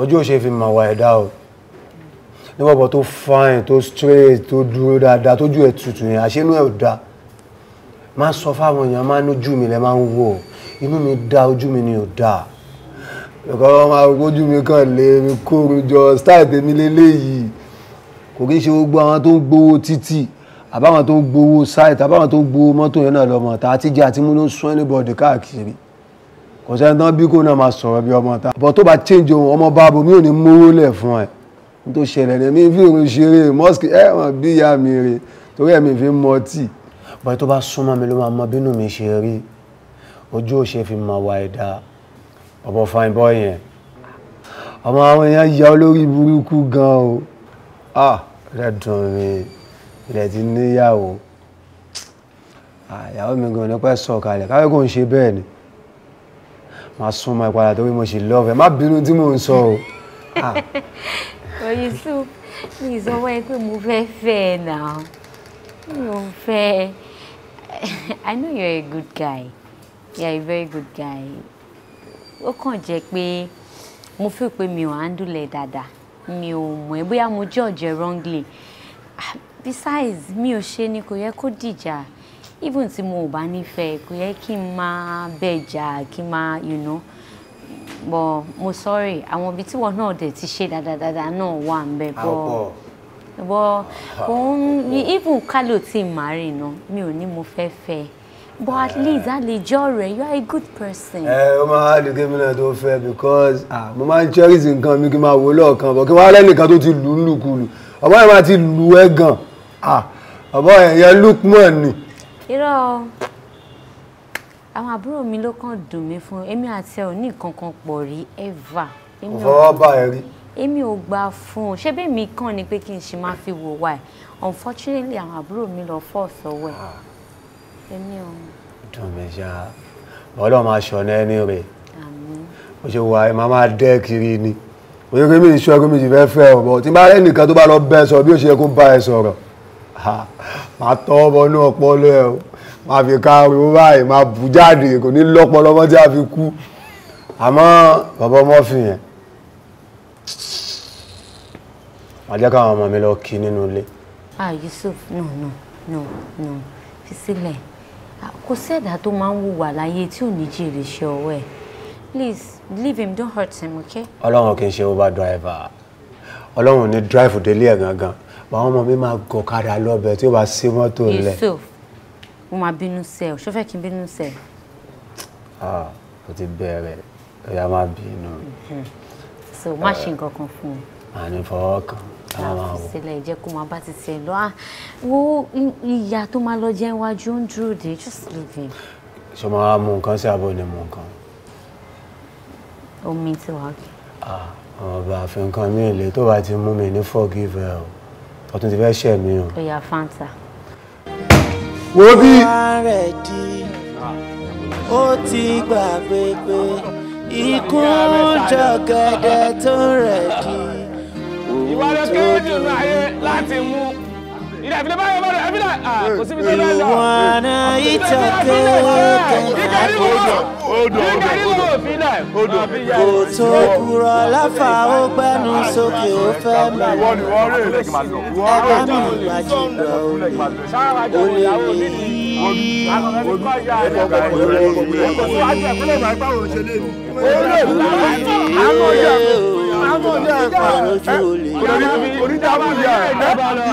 ojú ah! ò ṣe fi mọ̀ wá ẹ̀dá o níwọ̀bọ̀ tó fine tó straight tó dúró dáadáa tójú ẹ̀ tutù yẹn àṣé inú ẹ̀ ò da má sọ fáwọn èèyàn má nójú mi lẹ má ń wò inú mi da ojú mi ni ò da ẹ̀kọ́ máa ojú mi kàn lé mi kóoru jọ style tèmi lélẹ́yìí kò kí ń ṣe gbogbo àwọn tó ń gbowó títì àbáwọn tó ń gbowó site àbáwọn tó ń gbowó mọ́tò yẹn náà lọ́mọ tá àti jẹ́ àti mú ló ń sún anybody káàkiri kò sẹ́ni tán bí kò náà máa sọ̀rọ̀ bí ọmọ ta bọ̀ tó bá change ohun ọmọ báàbò mi ò ní mówó lẹ̀ fún ẹ tó ṣẹlẹ̀ rẹ̀ mi fi òun ṣeré mọ́sìkì ẹ̀ wọ́n bí ìyá mi rè torí ẹ̀ mi fi mọ tíì. bọ́ẹ̀ tó bá súnmọ́ mi ló máa mọ bínú mi ṣe rí ojú ò ṣe fi mọ wa ẹ̀dá ọmọ fine boy yẹn ọmọ àwọn èèyàn ya olórí burúkú gan o ah rẹ̀ dùn mí ilẹ̀ ti níyàwó àyàwó ah, mi gan nípa ẹ̀sọ́ kalẹ̀ káwé kò ń ṣe bẹ́ẹ̀ ni máa súnmọ́ ìpadà torí mo ṣì lọ́ọ̀fẹ́ má bínú tí mò ń sọ o. Ah. oyin sùn mi ìsọwọ́ ẹ pé mo fẹ́ fẹ́ ẹ náà I know you're a good guy you're a very good guy ó kàn jẹ́ pé mo fi pé mi ò handle ẹ dáadáa mi ò mọ̀ ẹ́ bóyá mo judge wrongly besides mi ò ṣe ni kò yẹ kó dìjà even tí mo ò bá nífẹ̀ẹ́ kò yẹ kí n máa bẹ̀ jà n máa you know but mo sorry àwọn ibi tí wọn náà dẹ̀ ti ṣe dáadáa náà wà ń bẹ bọ́ bọ́ òun ni even kálò tí ì má rìn náà mi ò ní mo fe fe. but at eh. least a lè Jore, you are a good person. Eh, ọ máa lè ké mi náà tó fẹ́ because mo máa ń cherish nǹkan mi kí n máa wò lọ́ọ̀kan bọ̀ kí n wá lẹ́nìkan tó ti lù ú lùkulù ọ̀bọ̀n yẹn máa ti lù ẹ́ gan ọ̀bọ̀n yẹn yẹn Lukman ni. irọ́ àwọn àbúrò mi ló kàn dùn mí fún èmi àti ẹ ò ní nǹkan kan pọ̀ rí ever. ọ̀fọwọ́ bá ẹ rí. èmi ò gbà fún un ṣé bẹ́ẹ̀ mi kàn ni pé kí n ṣe máa fi wò wá ẹ̀ unfortunately àwọn àbúrò mi lọ fọ́ sọ́wọ́ ẹ̀. Ah. èmi ò. dùn mí ṣá bọ́dọ̀ máa ṣọ̀nà ẹni rẹ̀ mo ṣe wà ẹ máa máa dẹ́ kiri ni mo ṣe pé mi ìṣọ́ pé mi ti fẹ́ fẹ́ ọ̀bọ tí bá rẹ́nìkan tó bá lọ bẹ́ sọ bí ó ṣe kó bá ẹ sọ̀rọ̀ máa fi ká owó báyìí máa bù jáde kò ní lọ́pọ̀lọpọ̀ tí a fi kú àmọ́ bàbá ọmọ fi yẹn wàá jẹ́ káwọn ọmọ mi lọ kí nínú ilé. ah Yusuf no no no no fi sílẹ̀ ah, kò sí ẹ̀dá tó máa ń wùwà láyé tí ò ní jèrè iṣẹ́ ọwọ́ ẹ̀ please leave him don't hurt him okay. ọlọ́run kì í ṣe uber driver ọlọ́run ní drive délé ẹ̀ gangan àwọn ọmọ mi máa gọ̀kadà lọ́bẹ̀ tí ó bá sí mọ́tò lẹ̀. Yusuf mo máa bínú sẹ ọ ṣó fẹ́ kí n bínú sẹ. ah o ti bẹ̀rẹ̀ ẹ̀yà máa bínú. Hmm. so má ṣe nǹkan kan fún un. àní fọwọ́ kan sílẹ̀ jẹ́ kó máa bá ti tiẹ̀ lọ ah, wo ìyá tó máa lọ jẹ́ iwájú ń dúró de just leave him. ṣé máa mú nǹkan sí àbọ̀ ni mú nǹkan. omi ti wà kí. ọba àfin nǹkan mi ìlé tó bá ti mú mi ní forgive ẹ o ọtún ti fẹ́ ṣẹ̀ mí o. ó yá fanta wo bí. ó ti gbàgbé pé ikú jọ̀gẹ̀dẹ̀ tó rẹ̀ kí. ìwádìí kí ó dùn láyé láti mú ìdá ìfilẹ̀ báyọ̀ bọ̀dọ̀ ìfilẹ̀ kò síbi tó lọ́dọ̀. ìwọ̀nà ìtàkùn kẹ̀kẹ́ odò odò odò kò tó kúrọ̀ láfa ó gbẹ́nu sókè ó fẹ́ mi. àmì ìwàjìgbà ò lè rí i. Onídàbò yà ẹ̀ dábàá lọ.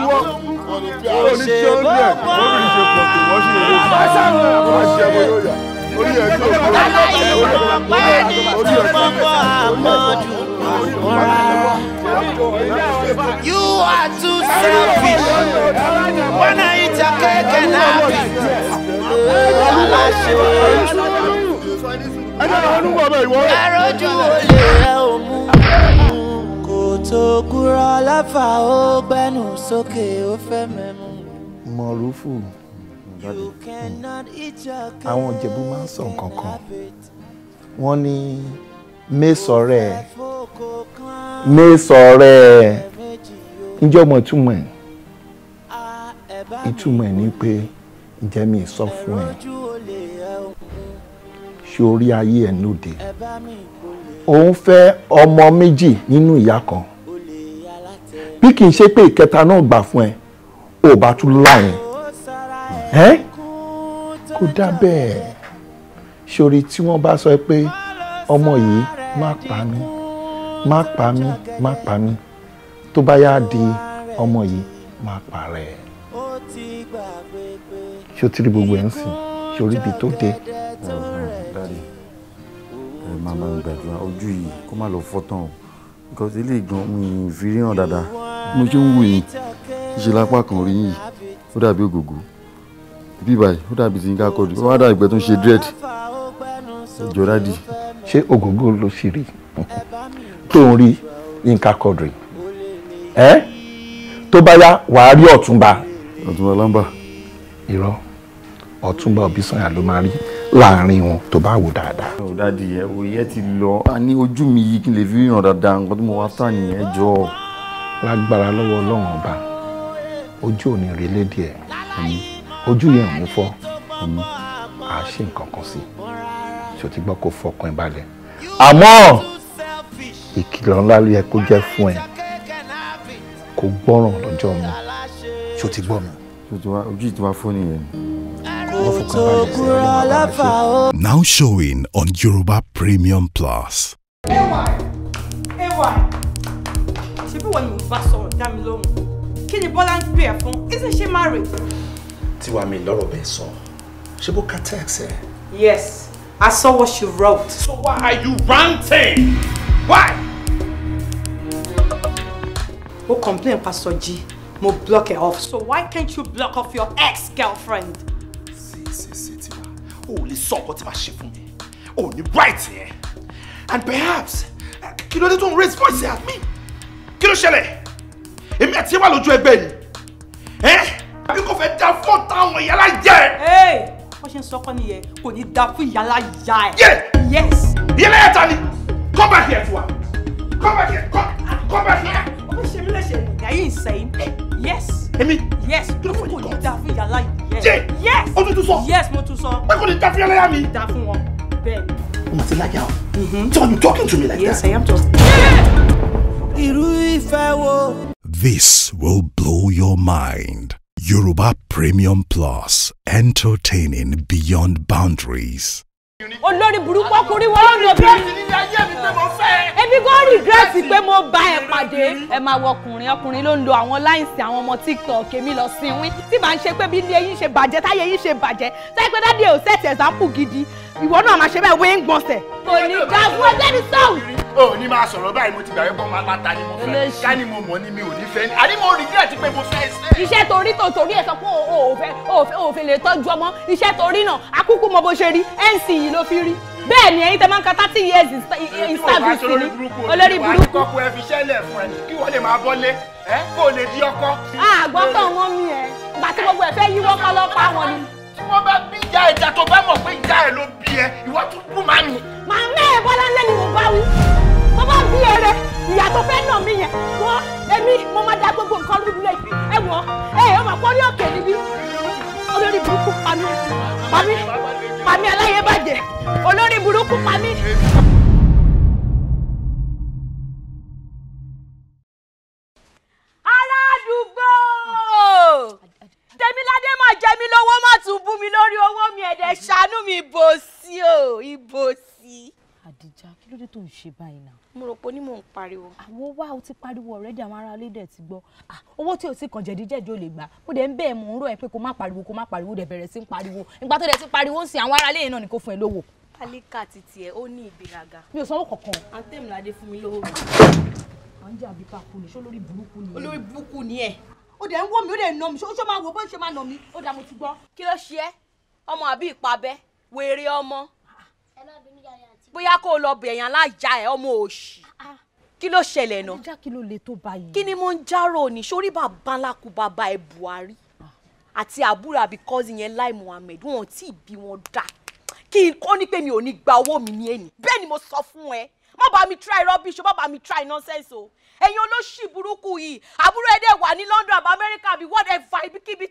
You are too selfish. When I eat a cake and happy. Aláṣẹ. Ẹ̀rọ ojú olè tògùrọ̀ ọlọ́fà ó gbẹ́nu sókè ó fẹ́ mẹ́mú. mọ̀rúfù àwọn ìjẹ̀bú máa ń sọ nǹkan kan wọ́n ní mẹ́sọ̀rẹ́ mẹ́sọ̀rẹ́ ǹjọ́mọ̀ túmọ̀ ẹ̀ ìtumọ̀ ẹ̀ pé ǹjẹ́ sọ fún ẹ̀ ṣé orí ayé ẹ̀ lóde òun fẹ́ ọmọ méjì nínú ìyá kan bí kì í ṣe pé ìkẹta náà gbà fún ẹ ò bá tún láàrin ẹ kò dá bẹ́ẹ̀ ṣòrí tí wọ́n bá sọ pé ọmọ yìí má pa mí má pa mí má pa mí tó bá yá di ọmọ yìí má pa rẹ̀ ṣó tí rí gbogbo ẹ̀ ń sìn ṣòrí ibi tó dé. ẹ máa máa gbàdúrà ojú yìí kó má lọ fọ́ tán o because ilé ìgbọ̀n mi fi ríran dáadáa mo ṣe ń wù yin ṣe lápá kan rí yìí ó dàbí ògògò bí báyìí ó dàbí ti ń ká kọ́ọ̀dù ó má dàbí ìgbẹ́ tó ń ṣe dread ìjọ dádì. ṣé ògògò ló sì rí tó ń rí yínká kọ́ọ̀dù ẹ tó bá yá wàá rí ọ̀túnba. ọ̀túnba lámbà. irọ́ ọ̀túnba òbí sànyà ló máa rí láàrin wọn tó bá wò dáadáa. ọ̀ dáàdi ẹ̀ wò yẹ ti lọ. a ní ojú mi yìí kí n lè fi ràn dáadáa nǹkan tí mo wá tà nìyẹn jọ. lágbára lọ́wọ́ ọlọ́run ọba ojú ò ní rí lédè ẹ̀ ojú yẹn ò ní fọ́ à ṣe nǹkan kan sí ṣòtí gbọ́ kó fọkàn ẹ̀ balẹ̀. àmọ́ ìkìlọ̀ ńlá ló yẹ kó jẹ́ fún ẹ kó gbọ́ràn lọ́jọ́ mi ṣòtí gbọ́ mi. ojú ìtura fún nìyẹn. Oh. Now showing on Yoruba Premium Plus. Ẹwà Ẹwà ṣe bí wọ́n ni mo bá sọ̀rọ̀ dá mi lóhùn. Kí ni Bọ́lá ń gbé ẹ̀ fún? Isn't she married? Tiwa mi lọ́rọ̀ bẹ́ẹ̀ sọ, ṣé bó ka text ẹ? Yes, I saw what she wrote. So why are you ranting? Why? Ó complain Pastor G, mo block it off. So why can't you block off your ex-girlfriend? Only tí wà o ò lè sọ ọkọ tí wàá ṣe fún mi o ò ní right yẹn and perhaps kí ló dé tó ń raise voice at me kí ló ṣẹlẹ̀ èmi àti wà lójú ẹgbẹ́ ni ẹ́ àbí kò fẹ́ dá fún ọ̀tá àwọn ìyá láyà ẹ̀. wọ́n ṣe ń sọ́kọ́ nìyẹn kò ní dá fún ìyá láyà ẹ̀. yes. ìyá láyà ta ni come back here tiwa come back here come, come back here. ọmọ ṣe mi Are you insane? yes. èmi. yes kí ló fún ìkọ. dá fún yàrá yìí. jẹ́ yes. o tún tún sọ. yes mo tún sọ. pé ní dá fún mi. dá fún wọn bẹ́ẹ̀ ni. o mà ti lájà o. so you talking to me like yes, that. yes i am just. irú ìfẹ́ wo. This will blow your mind. Yoruba Premium Plus, entertaining beyond boundaries. olórí burúkú ọkùnrin wọn lọ́nà obìnrin ebi gan rìgírẹ́tì pé mo bá ẹ pàdé ẹ máa wọ ọkùnrin ọkùnrin ló ń lo àwọn láìsí àwọn ọmọ tiktok èmi lọ sí wín tí màá ń ṣe pé bí ilé yín ṣe bàjẹ́ táyé yín ṣe bàjẹ́ táyé pé dáadé ò sẹ́ẹ̀tì ẹ̀sáǹpù gidi ìwọ náà máa ṣe bẹ́ẹ̀ wé ń gbọ̀nsẹ̀. kò ní dá fún ẹgbẹ́ ní sọ́ọ̀. o ní máa sọ̀rọ̀ báyìí mo ti gbàgbé pọ́n máa ta ni mo fẹ́ ká ni mo mọ̀ ni mi ò ní fẹ́ ni àní mo regret pé mo fẹ́ ṣe. iṣẹ́ torí tó torí ẹ̀ sọ pé o ò fẹ́ o ò fẹ́ o ò fẹ́ lè tọ́jú ọmọ iṣẹ́ torí náà akúkú mọ bó ṣe rí nc yìí ló fi rí bẹ́ẹ̀ ni ẹ̀yin tẹ máa ń ka thirty years in service ni olórí burúkú. ìwà àkọ́kọ́ ẹ fi ṣẹ́lẹ̀ fún ẹ kí wọ́n lè máa bọ́lé ẹ kó o lè di ọkọ. àgbọ̀tàn ah, wọn mi ẹ̀ gbàtí gbogbo ẹ̀ fẹ́ yíwọ́ kọ́ lọ́pàá wọn ni tí wọ́n bá bí ìyá ẹja tó bá mọ̀ pé ìyá ẹ ló bí ẹ ìwọ tún bú màmí. màmí ẹ bọ́lá ńlẹ́ ni mo bá wí mo bá bí ẹrẹ ìyá tó fẹ́ nà mí yẹn wọ́n èmi mo máa da gbogbo nǹkan lórí ilé ibi ẹ wọ́n ẹ ẹ ọmọ pọ́nrí òkè níbí olórí burúkú pami pami pami aláyé bàjẹ́ olórí burúkú pami. aládùúgbò tèmi ládé jẹ mí lówó má tún bú mi lórí owó mi ẹ̀dẹ̀ ṣàánú mi ìbò sí o ìbò sí. àdìjà kí ló dé tó ń ṣe báyìí náà. mo rò pé ní mò ń pariwo. àwọn wá o ti pariwo ọ̀rẹ́dì àwọn ará lédè ti gbọ́ owó tí o ti kàn jẹ̀díjẹ̀dí o lè gbà mo dẹ̀ ń bẹ́ẹ̀ mò ń rọ̀ ẹ́ pé kó má pariwo kó má pariwo dẹ̀ bẹ̀rẹ̀ sí ń pariwo ìgbà tó dẹ̀ ti pariwo ń sin àwọn ará léyìn náà ni kò fún ẹ lówó. alika ti tiẹ̀ ó ní ìgbéraga. mi ò sanwó kankan ó dẹ̀ ń wò mí ó dẹ̀ ń nà mí ṣó máa wò bó ṣe máa nà mí ó dà mo ti gbọ́. kí ló ṣe é ọmọ àbí ìpabẹ wèrè ọmọ bóyá kó o lọ bẹ̀yàn alájà ẹ̀ ọmọ òṣì ah, ah. kí ló ṣẹlẹ̀ náà kí ni mo ń járò ní sórí bàbá ńlá kú bàbá ẹ Buhari àti àbúrò àbí kọ́sì yẹn Lai Muhammed wọn tí ì bí wọn dà kí n kọ́ ni pé mi ò ní gba owó mi ní èyí bẹ́ẹ̀ ni mo sọ fún ẹ má bá mi try rubbish o má bá mi try nonsense o ẹ̀yin olóṣì burúkú yìí àbúrò ẹ̀dẹ̀ wà ní London àbá Amẹ́ríkà àbí whatever ibikíbi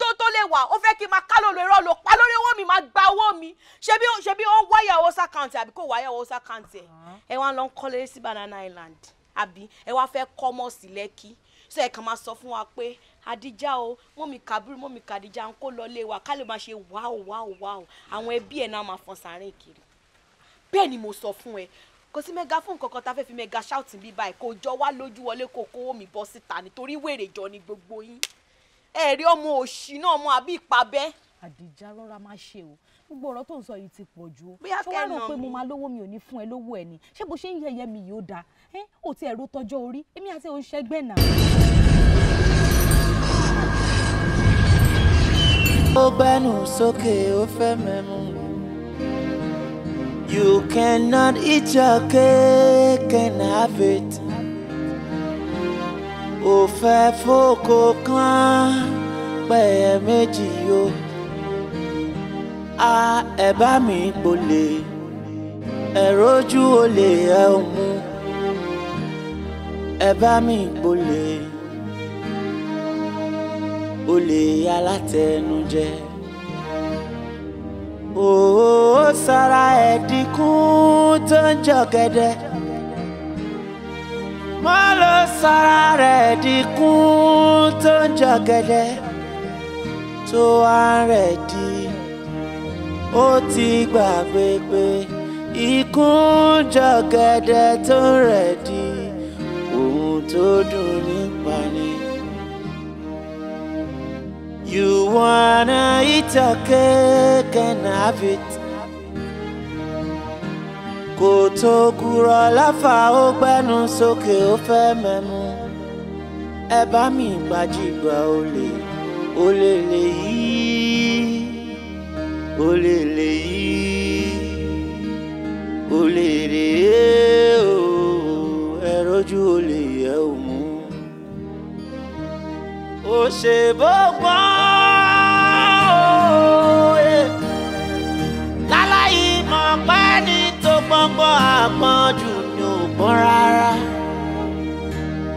tó tó lè wà ó fẹ́ kí n máa ká lòlò irọ́ lò lórí owó mi máa gba owó mi ṣebí ṣebí ó wáyà owó sàkáǹtì àbí kò wáyà owó sàkáǹtì ẹ̀ uh-huh. ẹ̀ wá lọ ń kọ́lé sí Banana Island àbí ẹ̀ wá fẹ́ kọ́ mọ́ sí Lẹ́kì ṣé ẹ kàn máa sọ fún wa pé adija o mọ́mì kabiru mọ́mì kadija ń kó lọ lé wa ká lè máa ṣe wáò wáò wáò àwọn ẹbí ẹ̀ náà máa fọn sàárín kiri bẹ́ẹ̀ ni mo sọ fún ẹ kò sí mẹ́ga fún nǹkan kan tá a fẹ́ fi mẹ́ga ṣáùtì bí báyìí kò jọ wá lójú wọlé kò kówó mi bọ́ síta nítorí wèrè jọ ni gbogbo yín ẹ rí ọmọ òṣì náà mọ àbí ìpabẹ́. àdìjá rọra máa ṣe o gbogbo ọ̀rọ̀ tó ń sọ yìí ti pọ̀ jù o ṣé wàá rò pé mo máa lówó mi ò ní fún ẹ lówó ẹ ni ṣé bó ṣe ń yẹyẹ mi yìí ó dáa ẹ ti ẹ̀rọ tọjọ́ orí èmi àti òun ṣẹgbẹ́ ó gbẹ́nu sókè ó fẹ́ mẹ́mú mi. You cannot eat your cake and have it. O fẹ́ fòkò kan pẹ̀yẹ méjì o. A ẹ̀ bá mi gbolè, ẹ̀ rojú olè ẹ̀ ò mú. Ẹ bá mi gbolè, olè alátẹnujẹ ó sara ẹ̀dínkùn tó ń jọ̀gẹ̀dẹ̀ mọ́ ló sara rẹ̀ ẹ̀dínkùn tó ń jọ̀gẹ̀dẹ̀ tó wá rẹ̀ di ó ti gbàgbé pé ikùn jọ̀gẹ̀dẹ̀ tó rẹ̀ di ohun tó dùn ní. You wanna eat a cake and have it. Koto tó lafa láfa ó gbẹ́nu sókè ó fẹ́ mẹ́mu. Ẹ mi gbajúgba olè, olè lè yí, olè lè yí, olè lè yé o, ẹ rojú olè yẹ o kò ṣe bó gbọ́n eh. láláyé mọ̀ pé ní tó gbọ́ngbọ́n àpọ̀jù ni ò gbọ́n rárá.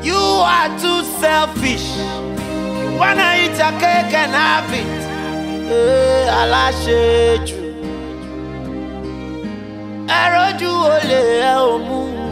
You are too selfish. You wanna eat your cake and have it. Eh, Aláṣejù. Ẹ rojú olè ẹ ò mú un.